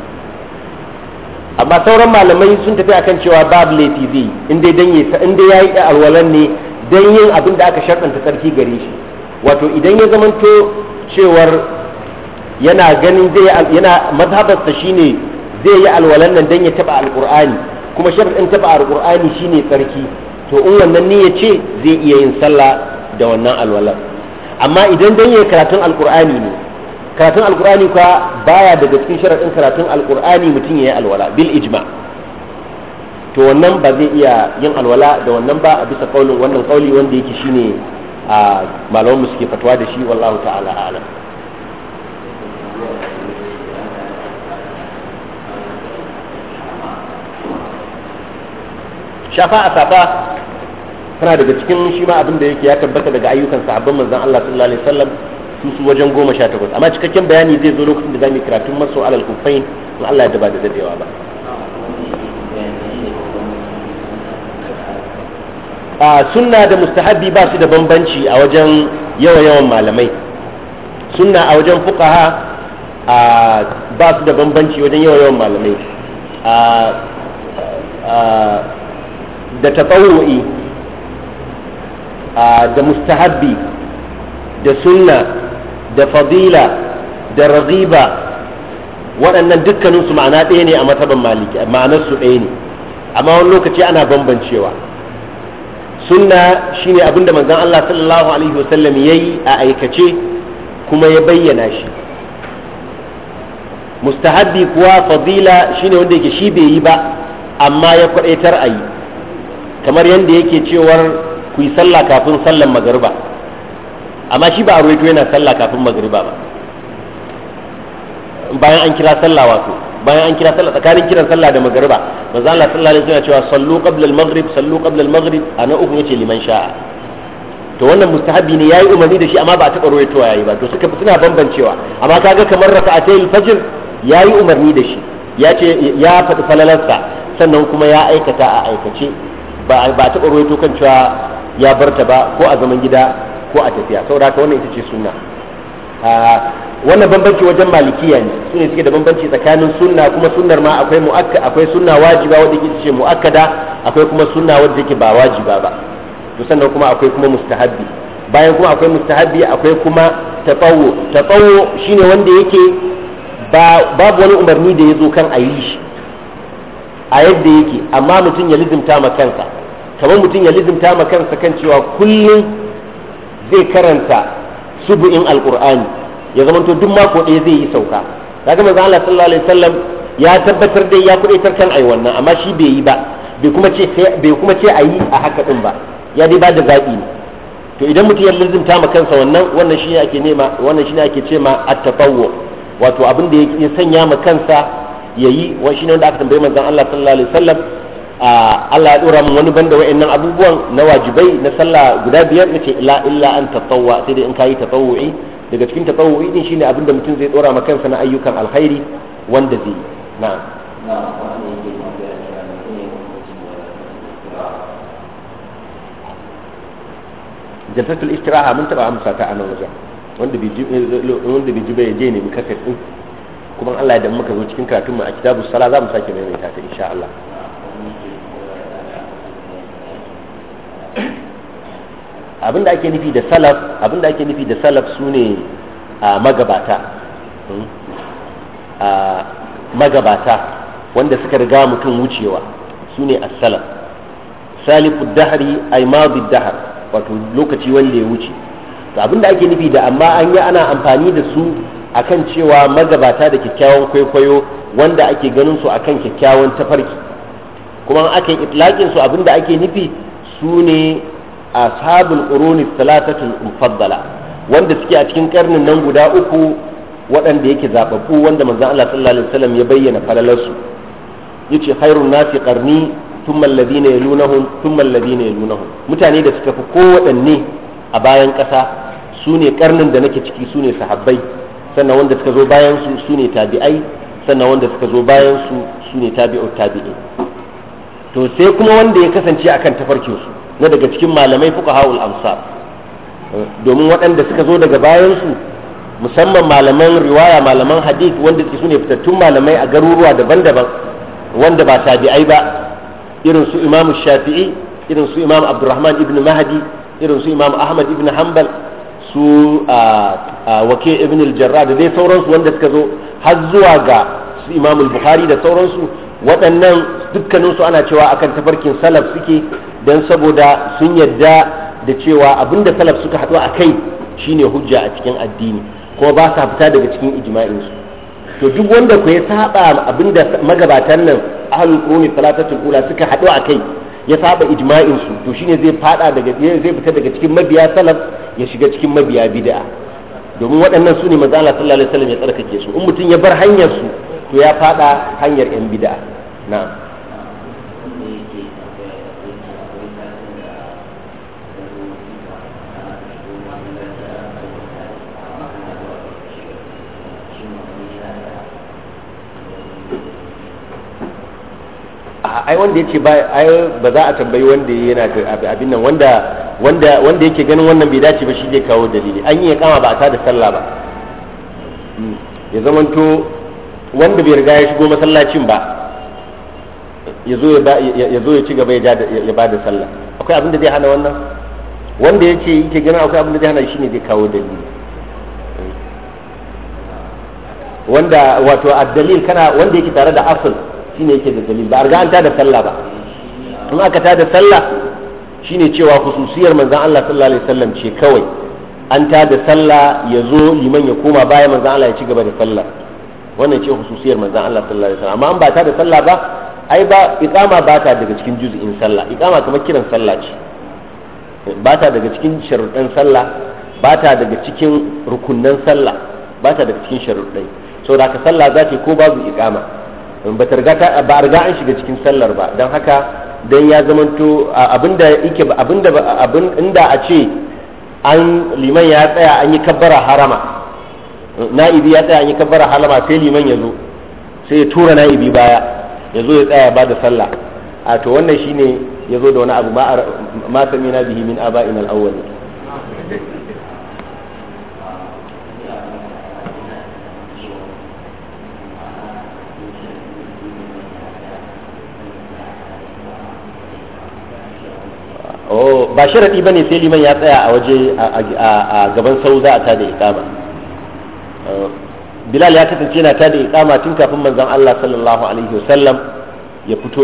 amma sauran malamai sun tafi akan cewa babu laifi zai yi in dai dan in dai yayi alwalan ne dan yin abin da aka sharɗanta sarki gare shi wato idan ya zamanto cewar yana ganin zai yana mazhabarsa shine zai yi alwalan nan dan ya taba alqur'ani kuma sharɗin taba alqur'ani shine tsarki to in wannan ya ce zai iya yin sallah da wannan alwalan amma idan dan yayi karatun alqur'ani ne karatun alkur'ani kuwa baya daga cikin sharaɗin karatun alkur'ani mutum ya yi alwala bil ijma to wannan ba zai iya yin alwala da wannan ba a bisa kaulin wannan kauli wanda yake shine a malaman suke fatuwa da shi wallahu ta'ala alam shafa a safa tana daga cikin shi ma abin da yake ya tabbata daga ayyukan sahabban manzon Allah sallallahu alaihi wasallam su su wajen goma sha takwas amma cikakken bayani zai zo lokacin da za mu karatun maso alal kufain in Allah ya ba da dadewa ba a sunna da mustahabi ba su da bambanci a wajen yawa yawan malamai sunna a wajen fuqaha a ba su da bambanci wajen yawa yawan malamai a da tatawu'i da mustahabi da sunna da fadila da raziba waɗannan dukkaninsu ma'ana ɗaya ne a mataban maliki ma'anarsu ɗaya ne amma wani lokaci ana bambancewa sunna shine abin da manzon Allah sallallahu alaihi wasallam yayi a aikace kuma ya bayyana shi mustahabbi kuwa fadila shine wanda yake shi bai yi ba amma ya kwadaitar a yi kamar yadda yake cewar ku yi sallah kafin sallan magariba amma shi ba a ruwaito yana sallah kafin magriba ba bayan an kira sallah wato bayan an kira sallah tsakanin kiran sallah da magriba manzo Allah sallallahu alaihi wasallam cewa sallu qabla al-maghrib sallu qabla al-maghrib ana uku yace liman sha'a to wannan mustahabi ne yayi umarni da shi amma ba a taɓa ruwaitowa yayi ba to suka suna bambancewa amma kaga kamar raka'atayil fajr yayi umarni da shi ya ce ya faɗi falalarsa sannan kuma ya aikata a aikace ba a taɓa ruwaito kan cewa ya barta ba ko a zaman gida ko a tafiya saboda haka wannan ita ce sunna wannan bambanci wajen malikiya ne su ne suke da bambanci tsakanin sunna kuma sunnar ma akwai mu'akka akwai sunna wajiba wanda yake ce mu'akkada akwai kuma sunna wanda yake ba wajiba ba to sannan kuma akwai kuma mustahabbi bayan kuma akwai mustahabbi akwai kuma tafawo tatawu shine wanda yake ba babu wani umarni da ya zo kan a yi shi a yadda yake amma mutum ya lizimta ma kansa kamar mutum ya lizimta ma kansa kan cewa kullum zai karanta subu'in alqur'ani ya zama to duk mako ɗaya zai yi sauka kaga manzo Allah sallallahu alaihi wasallam ya tabbatar dai ya kudaitar kan ai wannan amma shi bai yi ba bai kuma ce bai kuma ce ayi a haka din ba ya dai ba da zabi ne to idan mutum ya lizimta ma kansa wannan wannan ne ake nema wannan ne ake ce ma at-tatawwu wato abin da ya sanya ma kansa yayi wa ne wanda aka tambaye manzon Allah sallallahu alaihi wasallam Allah ya dora mun wani banda wa'annan abubuwan na wajibai na sallah guda biyar nace illa illa an tatawwa sai dai in kayi tatawwu'i daga cikin tatawwu'i din shine da mutum zai dora ma kansa na ayyukan alkhairi wanda zai yi na'am jalsatul istiraha mun taba amsa ta anan wajen wanda bai ji wanda bai ji bai je ne mu kasar kuma Allah ya dan muka zo cikin karatun mu a kitabus sala za mu sake maimaita ta insha Allah abinda ake nufi da salaf abinda ake nufi da salaf sune a magabata hmm? a magabata wanda suka riga mutum wucewa sune as-salaf salifu dahri ay madi dahr wato lokaci wanda ya wuce to abinda ake nufi da amma an yi ana amfani da su akan cewa magabata da kyakkyawan kwaikwayo wanda ake ganin su akan kyakkyawan tafarki kuma aka yi su abinda ake nufi su ne ashabul quruni talatatul mufaddala wanda suke a cikin karnin nan guda uku waɗanda yake zaɓaɓɓu wanda manzon Allah sallallahu alaihi wasallam ya bayyana falalarsu yace khairun nasi hun tun mallabi yalunahum ya luna hun mutane da suka fi kowaɗanne a bayan ƙasa su ne karnin da nake ciki su ne sahabbai sannan wanda suka zo bayan su su ne tabi'ai sannan wanda suka zo bayan su su ne tabi'ut tabi'in to sai kuma wanda ya kasance akan tafarkinsu na daga cikin malamai fuka fuqaha'ul amsa domin waɗanda suka zo daga bayansu musamman malaman riwaya malaman hadith wanda su ne fitattun malamai a garuruwa daban-daban wanda ba tabi'ai ba irin su imamu shafi'i irin su imam abdurrahman ibn mahdi irin su imam ahmad ibn hanbal su wake ibn al-jarrah da dai sauransu wanda suka zo har zuwa ga su imamu bukhari da sauransu waɗannan dukkaninsu ana cewa akan tafarkin salaf suke don saboda sun yadda da cewa abinda salaf suka haɗu a kai shine hujja a cikin addini kuma ba sa fita daga cikin ijma'insu to duk wanda ku ya saba abinda magabatan nan ahlul qurunin salatatul ula suka haɗu a kai ya saba ijma'insu to shine zai fada daga zai fita daga cikin mabiya salaf ya shiga cikin mabiya bid'a domin waɗannan su ne manzo Allah sallallahu alaihi wasallam ya tsarkake su in mutum ya bar hanyar su to ya fada hanyar yan bid'a na ai wanda yake ba ai ba za a tambayi wanda yana abin nan wanda wanda wanda yake ganin wannan bai dace ba shi zai kawo dalili an yi ya kama ba a tada sallah ba hmm. ya zamanto wanda bai riga ya shigo masallacin ba ya zo ya ci gaba ya ba da sallah akwai abin da zai hana wannan wanda ya ce yake gina akwai abin da zai hana shi ne zai kawo dalili wanda wato a dalil kana wanda yake tare da asal shine yake da dalil ba a riga an tada sallah ba in aka tada sallah shine cewa khususiyar manzon Allah sallallahu alaihi wasallam ce kawai an tada sallah ya zo liman ya koma baya manzon Allah ya ci gaba da sallah wannan ce hususiyar manzan Allah sallallahu alaihi wasallam amma an ba ta da sallah ba ai ba iqama ba ta daga cikin juz'in sallah iqama kamar kiran sallah ce ba ta daga cikin sharuɗan sallah ba ta daga cikin rukunnan sallah ba ta daga cikin sharuɗai saboda ka sallah za ta ko babu iqama ba ta riga ba riga an shiga cikin sallar ba don haka dan ya zamanto abinda yake abinda abin inda a ce an liman ya tsaya an yi kabbara harama na'ibi ya tsaya an yi kabbara halama sai liman ya zo sai ya tura na'ibi baya ya zo ya tsaya ba da sallah a to wannan shine ya zo da wani abu ma samina bihi min aba'in ba awwal oh ba ne bane sai liman ya tsaya a waje a gaban sau za a tada ba. bilal ya kasance yana tada iqama tun kafin manzon Allah sallallahu alaihi wasallam ya fito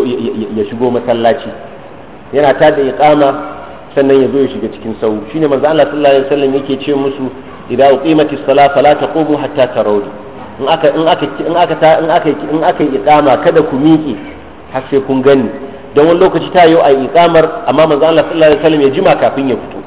ya shigo masallaci yana tada iqama sannan ya zo ya shiga cikin sau shine manzon Allah sallallahu alaihi wasallam yake ce musu idan uqimatis salat fala taqumu hatta tarawli in aka in aka in aka in aka in aka iqama kada ku miƙe har sai kun gani don wani lokaci ta yau a iqamar amma manzon Allah sallallahu alaihi wasallam ya jima kafin ya fito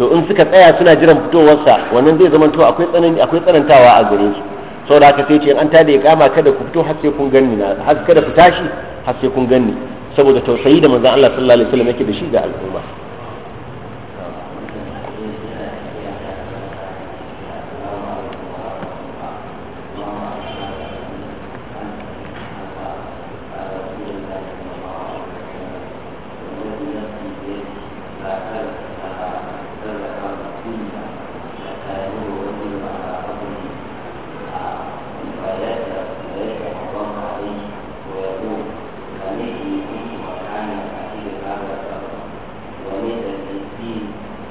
to in suka tsaya suna jiran fitowarsa wannan zai zama to akwai tsanani akwai tsanantawa a gare su saboda haka sai ce an ta da ya kama kada ku fito har sai kun ganni na har kada ku tashi har sai kun ganni saboda tausayi da manzon Allah sallallahu alaihi wasallam yake da shi ga al'umma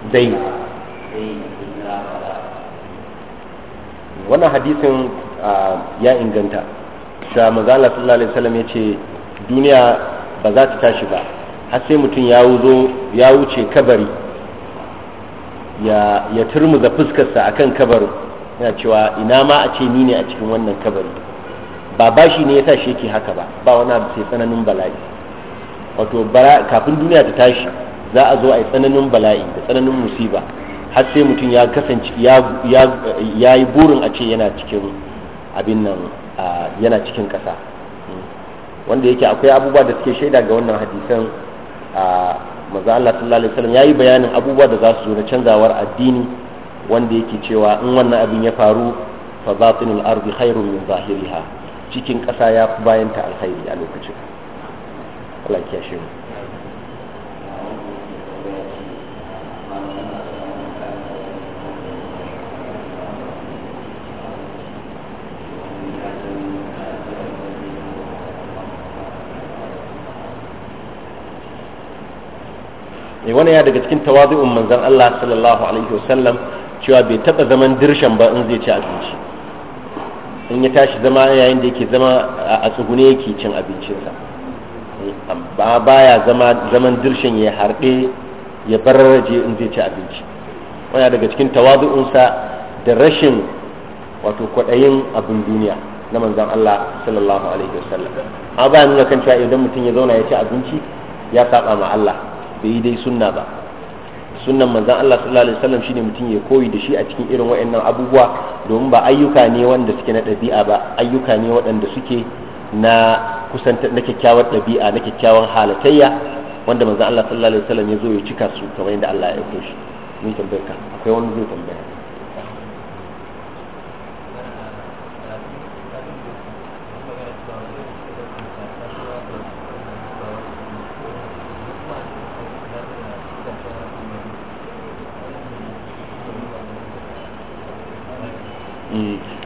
dai wannan hadisin ya inganta sha mazala sallallahu alaihi wasallam ya ce duniya ba za ta tashi ba har sai mutum ya wuzo ya wuce kabari ya ya turmuza fuskarsa akan kabarin yana cewa ina ma a ce ni ne a cikin wannan kabari ba bashi ne ya tashi yake haka ba ba wani abu sai tsananin bala'i wato kafin duniya ta tashi za a zo a yi tsananin bala'i da tsananin musiba har sai mutum ya kasance ya yi burin a ce yana cikin abin nan yana cikin ƙasa wanda yake akwai abubuwa da suke shaida ga wannan hadisan a maza Allah sallallahu alaihi wasallam yayi bayanin abubuwa da za su zo na canzawar addini wanda yake cewa in wannan abin ya faru fa batinul ardi khairun min zahiriha cikin ƙasa ya bayanta alkhairi a lokacin Allah ya kiyaye mu eh wani ya daga cikin tawazu'un manzon Allah sallallahu alaihi wasallam cewa bai taba zaman dirshan ba in zai ci abinci in ya tashi zama yayin da yake zama a tsugune yake cin abincinsa eh, ba baya zama zaman dirshan ya harɗe ya bararraje in zai ci abinci wani daga cikin tawazu'unsa da rashin wato kwaɗayin abin duniya na manzan Allah sallallahu alaihi wasallam amma ba nuna kan cewa idan mutum ya zauna ya ci abinci ya saba ma Allah bai yi dai sunna ba sunnan manzan Allah sallallahu alaihi wasallam shine mutum ya koyi da shi a cikin irin waɗannan abubuwa domin ba ayyuka ne wanda suke na ɗabi'a ba ayyuka ne waɗanda suke na kusanta na kyakkyawar ɗabi'a na kyakkyawan halatayya wanda manzan Allah sallallahu alaihi wasallam ya zo ya cika su kamar yadda Allah ya aiko shi mun tambayar ka akwai wani zai tambaya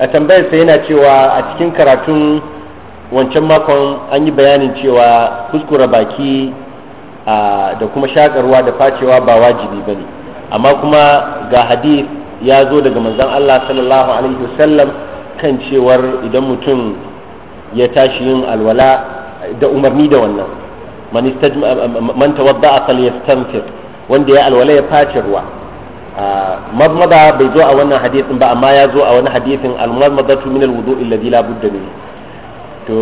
a tambayar sa yana cewa a cikin karatun wancan makon an yi bayanin cewa kuskura baki da kuma shakarwa da facewa ba wajibi ba ne amma kuma ga hadith ya zo daga manzon Allah sallallahu alaihi wasallam kan cewar idan mutum ya tashi yin alwala da umarni da wannan man tawadda'a falyastanfir wanda ya alwala ya face ruwa mazmada bai zo a wannan hadisin ba amma ya zo a wani hadisin al-mazmadatu min al-wudu alladhi la budda minhu to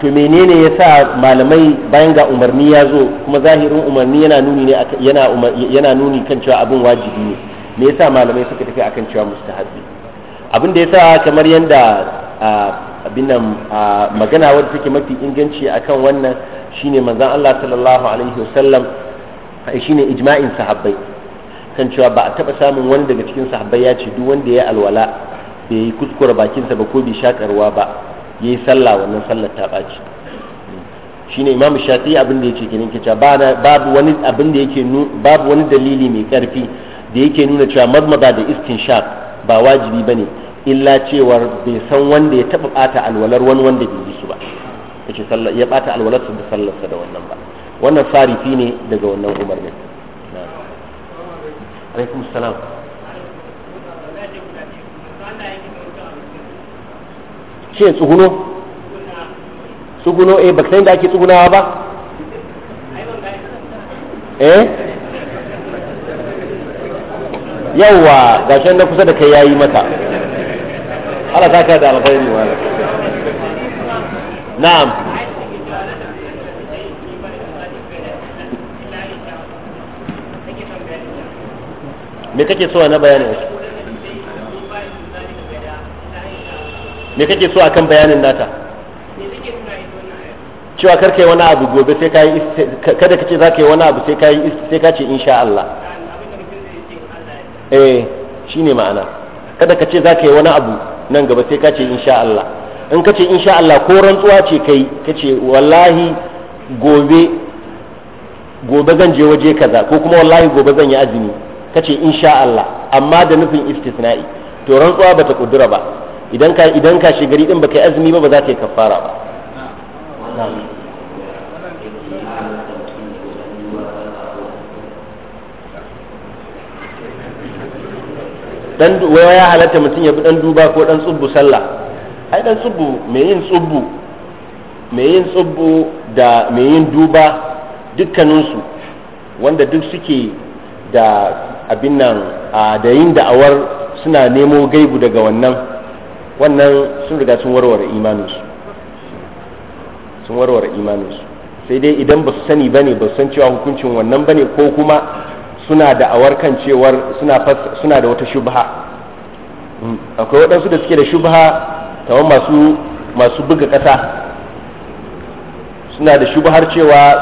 to menene yasa malamai bayan ga umarni ya zo kuma zahirin umarni yana nuni ne yana yana nuni kan cewa abin wajibi ne me yasa malamai suka tafi akan cewa mustahabi abin da yasa kamar yanda abin nan magana wadda take mafi inganci akan wannan shine manzon Allah sallallahu alaihi wasallam shine ijma'in sahabbai kan cewa ba a taba samun wani daga cikin sahabbai ya ce duk wanda ya alwala bai yi kuskure bakinsa ba ko bai shakarwa ba yayi sallah wannan sallar ta baci shine imamu shafi'i abin da yake kenan ba babu wani abin da yake babu wani dalili mai karfi da yake nuna cewa madmada da istinshaq ba wajibi bane illa cewar bai san wanda ya taba bata alwalar wani wanda bai yi su ba kace sallah ya bata alwalarsa da sallarsa da wannan ba wannan sarifi ne daga wannan umarnin alaikum salam ce tsuguno tsuguno eh baka san da ake tsugunawa ba eh yawwa gashin na kusa da kai yayi mata Allah ta da alkhairi wa na'am me kake so na bayanin wasu me kake so akan bayanin nata cewa kai wani abu gobe sai ka yi kada kace za kai wani abu sai kai sai ka ce insha Allah eh shine ma'ana kada kace za ka yi wani abu nan gaba sai ka ce insha Allah in ka ce insha Allah ko rantsuwa ce kai kace wallahi gobe gobe zan je waje kaza ko kuma wallahi gobe zan yi azumi kace insha Allah amma da nufin istisna'i to rantsuwa bata kudura ba idan ka idan ka shi gari din baka yi azumi ba ba za ta yi kafara ba dan waya ya halatta mutum ya bi dan duba ko dan tsubbu sallah ai dan tsubbu mai yin tsubbu me yin tsubbu da mai yin duba dukkaninsu wanda duk suke da abin nan da yin da'awar suna nemo gaibu daga wannan wannan sun riga sun warware imaninsu sun warware imaninsu sai dai idan ba su sani ba ne ba su san cewa hukuncin wannan ba ne ko kuma suna da'awar kan cewar suna da wata shubha hmm, akwai waɗansu da suke da shubha kamar masu masu buga ƙasa suna da shubhar cewa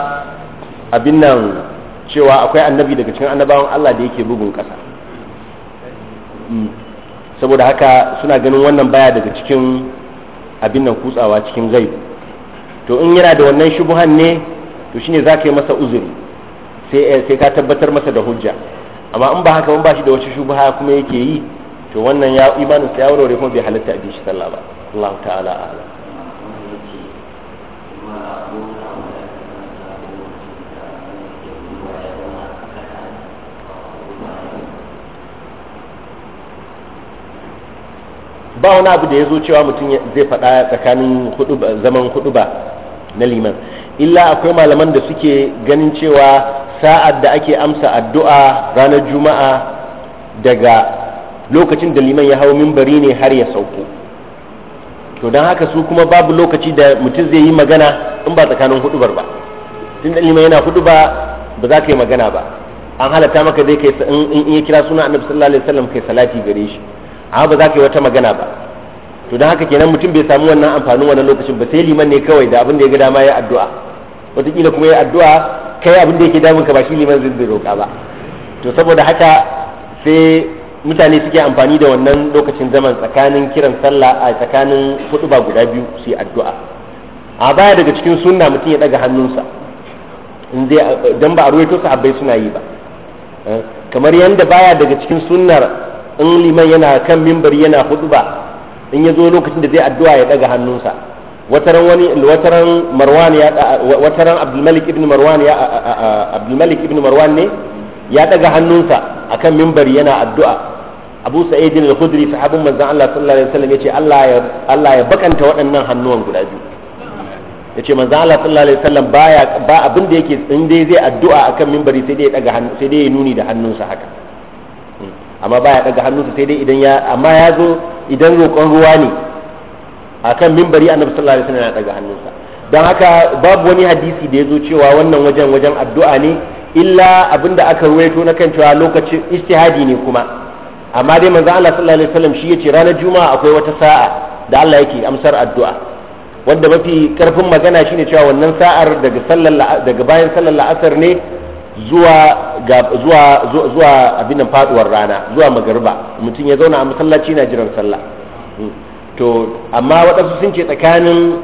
abin nan cewa akwai annabi daga cikin annabawan Allah da yake bugun ƙasa mm. saboda haka suna ganin wannan baya daga cikin abin nan kutsawa cikin zai to in yana da wannan shubuhan ne to shine za ka yi masa uzuri sai eh, sai ka tabbatar masa da hujja amma in ba haka in ba shi da wata shubuha kuma yake yi to wannan ya imanin sa ya warware kuma bai halatta abin shi sallah ba Allah ta'ala a'lam ba wani abu da ya zo cewa mutum zai faɗa tsakanin zaman hudu ba na liman illa akwai malaman da suke ganin cewa sa'ad da ake amsa addu'a ranar juma'a daga lokacin da liman ya hau mimbari ne har ya sauko to don haka su kuma babu lokaci da mutum zai yi magana in ba tsakanin hudubar ba tun da liman yana hudu ba ba za ka yi magana ba an halatta maka zai kai in ya kira suna annabi sallallahu alaihi wasallam kai salati gare shi amma ba za ka yi wata magana ba to don haka kenan mutum bai samu wannan amfanin wannan lokacin ba sai liman ne kawai da abin da ya ga dama ya addu'a wataƙila kuma ya addu'a kai abin da yake damun ka ba shi liman zai roƙa ba to saboda haka sai mutane suke amfani da wannan lokacin zaman tsakanin kiran sallah a tsakanin hudu ba guda biyu su yi addu'a a baya daga cikin sunna mutum ya daga hannunsa in zai dan ba a ruwaito sahabbai suna yi ba eh, kamar yanda baya daga cikin sunnar in liman yana kan mimbari yana hutuba in ya zo lokacin da zai addu'a ya daga hannunsa wataran wani wataran marwan ya wataran abdulmalik ibn marwan ya abdulmalik ibn marwan ne ya daga hannunsa akan mimbari yana addu'a abu sa'id al-khudri sahabin manzon Allah sallallahu alaihi wasallam yace Allah ya Allah ya bakanta waɗannan hannuwan guda biyu yace manzon Allah sallallahu alaihi wasallam baya ba abin da yake in dai zai addu'a akan mimbari sai dai ya daga hannu sai dai ya nuni da hannunsa haka amma ba ya daga hannunsa sai dai idan ya amma ya zo idan roƙon ruwa ne a kan mimbari annabi sallallahu alaihi wasallam yana daga hannunsa don haka babu wani hadisi da ya zo cewa wannan wajen wajen addu'a ne illa abinda aka ruwaito na kan cewa lokacin istihadi ne kuma amma dai manzo Allah sallallahu alaihi wasallam shi yace ranar juma'a akwai wata sa'a da Allah yake amsar addu'a wanda mafi karfin magana shine cewa wannan sa'ar daga sallar daga bayan sallar la'asar ne zuwa zuwa zuwa faduwar rana zuwa magariba mutum ya zauna a masallaci na jiran sallah hmm. to amma waɗansu sun ce tsakanin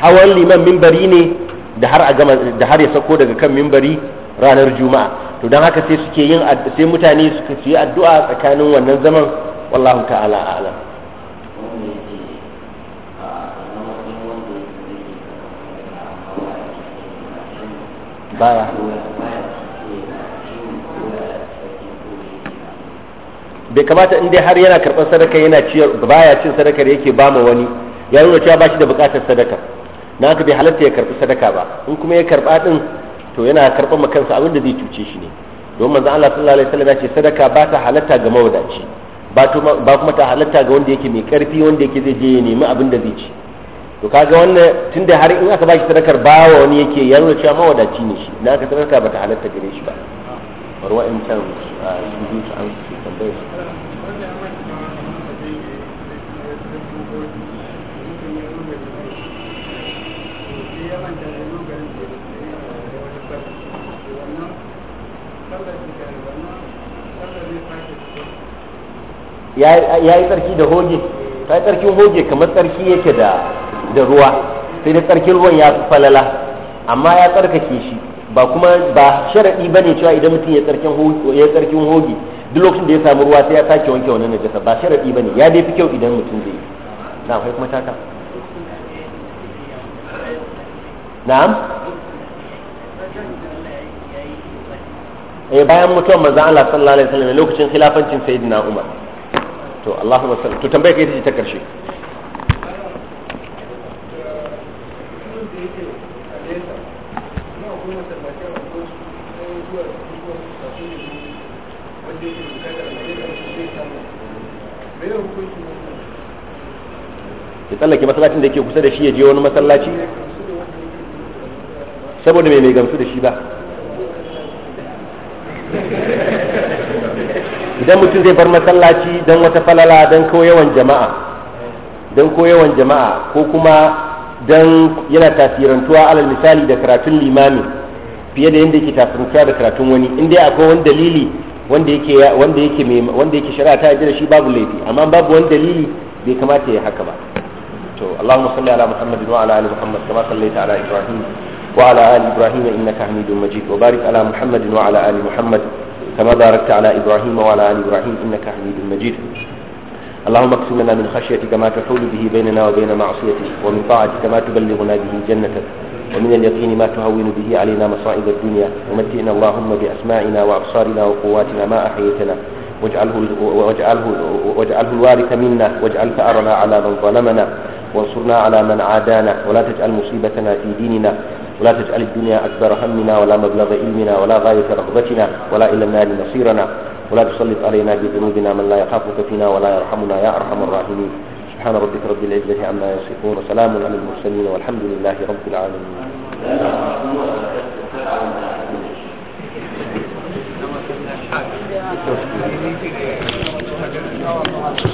hawan liman mimbari ne da har a gama da har ya sako daga kan mimbari ranar juma'a to don haka sai suke yin sai mutane suka yi addu'a tsakanin wannan zaman wallahu ta'ala a'lam baya bai kamata in dai har yana karɓar sadaka yana ciyar baya cin sadakar yake ba ma wani ya nuna cewa ba shi da buƙatar sadaka na haka bai halatta ya karɓi sadaka ba in kuma ya karɓa ɗin to yana karɓar ma kansa abin da zai cuce shi ne don manzon Allah sallallahu alaihi wasallam ya ce sadaka ba ta halatta ga mawadaci ba kuma ta halatta ga wanda yake mai karfi wanda yake zai je ya nemi abin da zai ci to kaga wannan tunda har in aka ba shi sadakar ba wa wani yake ya nuna cewa mawadaci ne shi na haka sadaka ba ta halatta gare shi ba bar can ah, su biyu su an su tambaye su ya yi tsarki da hoge ta yi tsarkin hoge kamar tsarki yake da ruwa sai da tsarkin ruwan ya fi falala amma ya tsarkake shi ba kuma ba sharadi bane cewa idan mutum ya tsarkin ya tsarkin hogi duk lokacin da ya samu ruwa sai ya sake wanke wannan najasa ba sharadi bane ya dai fi kyau idan mutum zai na akwai kuma taka na'am eh bayan mutuwar manzo Allah sallallahu alaihi wasallam lokacin khilafancin sayyidina Umar to Allahumma salli to tambaye kai ta karshe ya tsallake masallacin da yake kusa da shi ya je wani masallaci saboda mai mai gamsu da shi ba idan mutum zai bar masallaci don wata falala don ko yawan jama'a don ko yawan jama'a ko kuma don yana tasirantuwa alal misali da karatun limami fiye da yadda yake tasirantuwa da karatun wani in dai akwai wani dalili wanda yake wanda yake wanda yake shari'a ta yarda da shi babu laifi amma babu wani dalili bai kamata ya haka ba اللهم صل على محمد وعلى ال محمد كما صليت على ابراهيم وعلى ال ابراهيم انك حميد مجيد وبارك على محمد وعلى ال محمد كما باركت على ابراهيم وعلى ال ابراهيم انك حميد مجيد اللهم اقسم لنا من خشيتك ما تحول به بيننا وبين معصيتك ومن طاعتك ما تبلغنا به جنتك ومن اليقين ما تهون به علينا مصائب الدنيا ومتعنا اللهم باسماعنا وابصارنا وقواتنا ما احييتنا واجعله واجعله واجعله الوارث منا واجعل ثارنا على من ظلمنا وانصرنا على من عادانا ولا تجعل مصيبتنا في ديننا ولا تجعل الدنيا أكبر همنا ولا مبلغ علمنا ولا غاية رغبتنا ولا إلى النار مصيرنا ولا تسلط علينا بذنوبنا من لا يخافك فينا ولا يرحمنا يا أرحم الراحمين سبحان ربك رب العزة عما يصفون وسلام على المرسلين والحمد لله رب العالمين Thank you.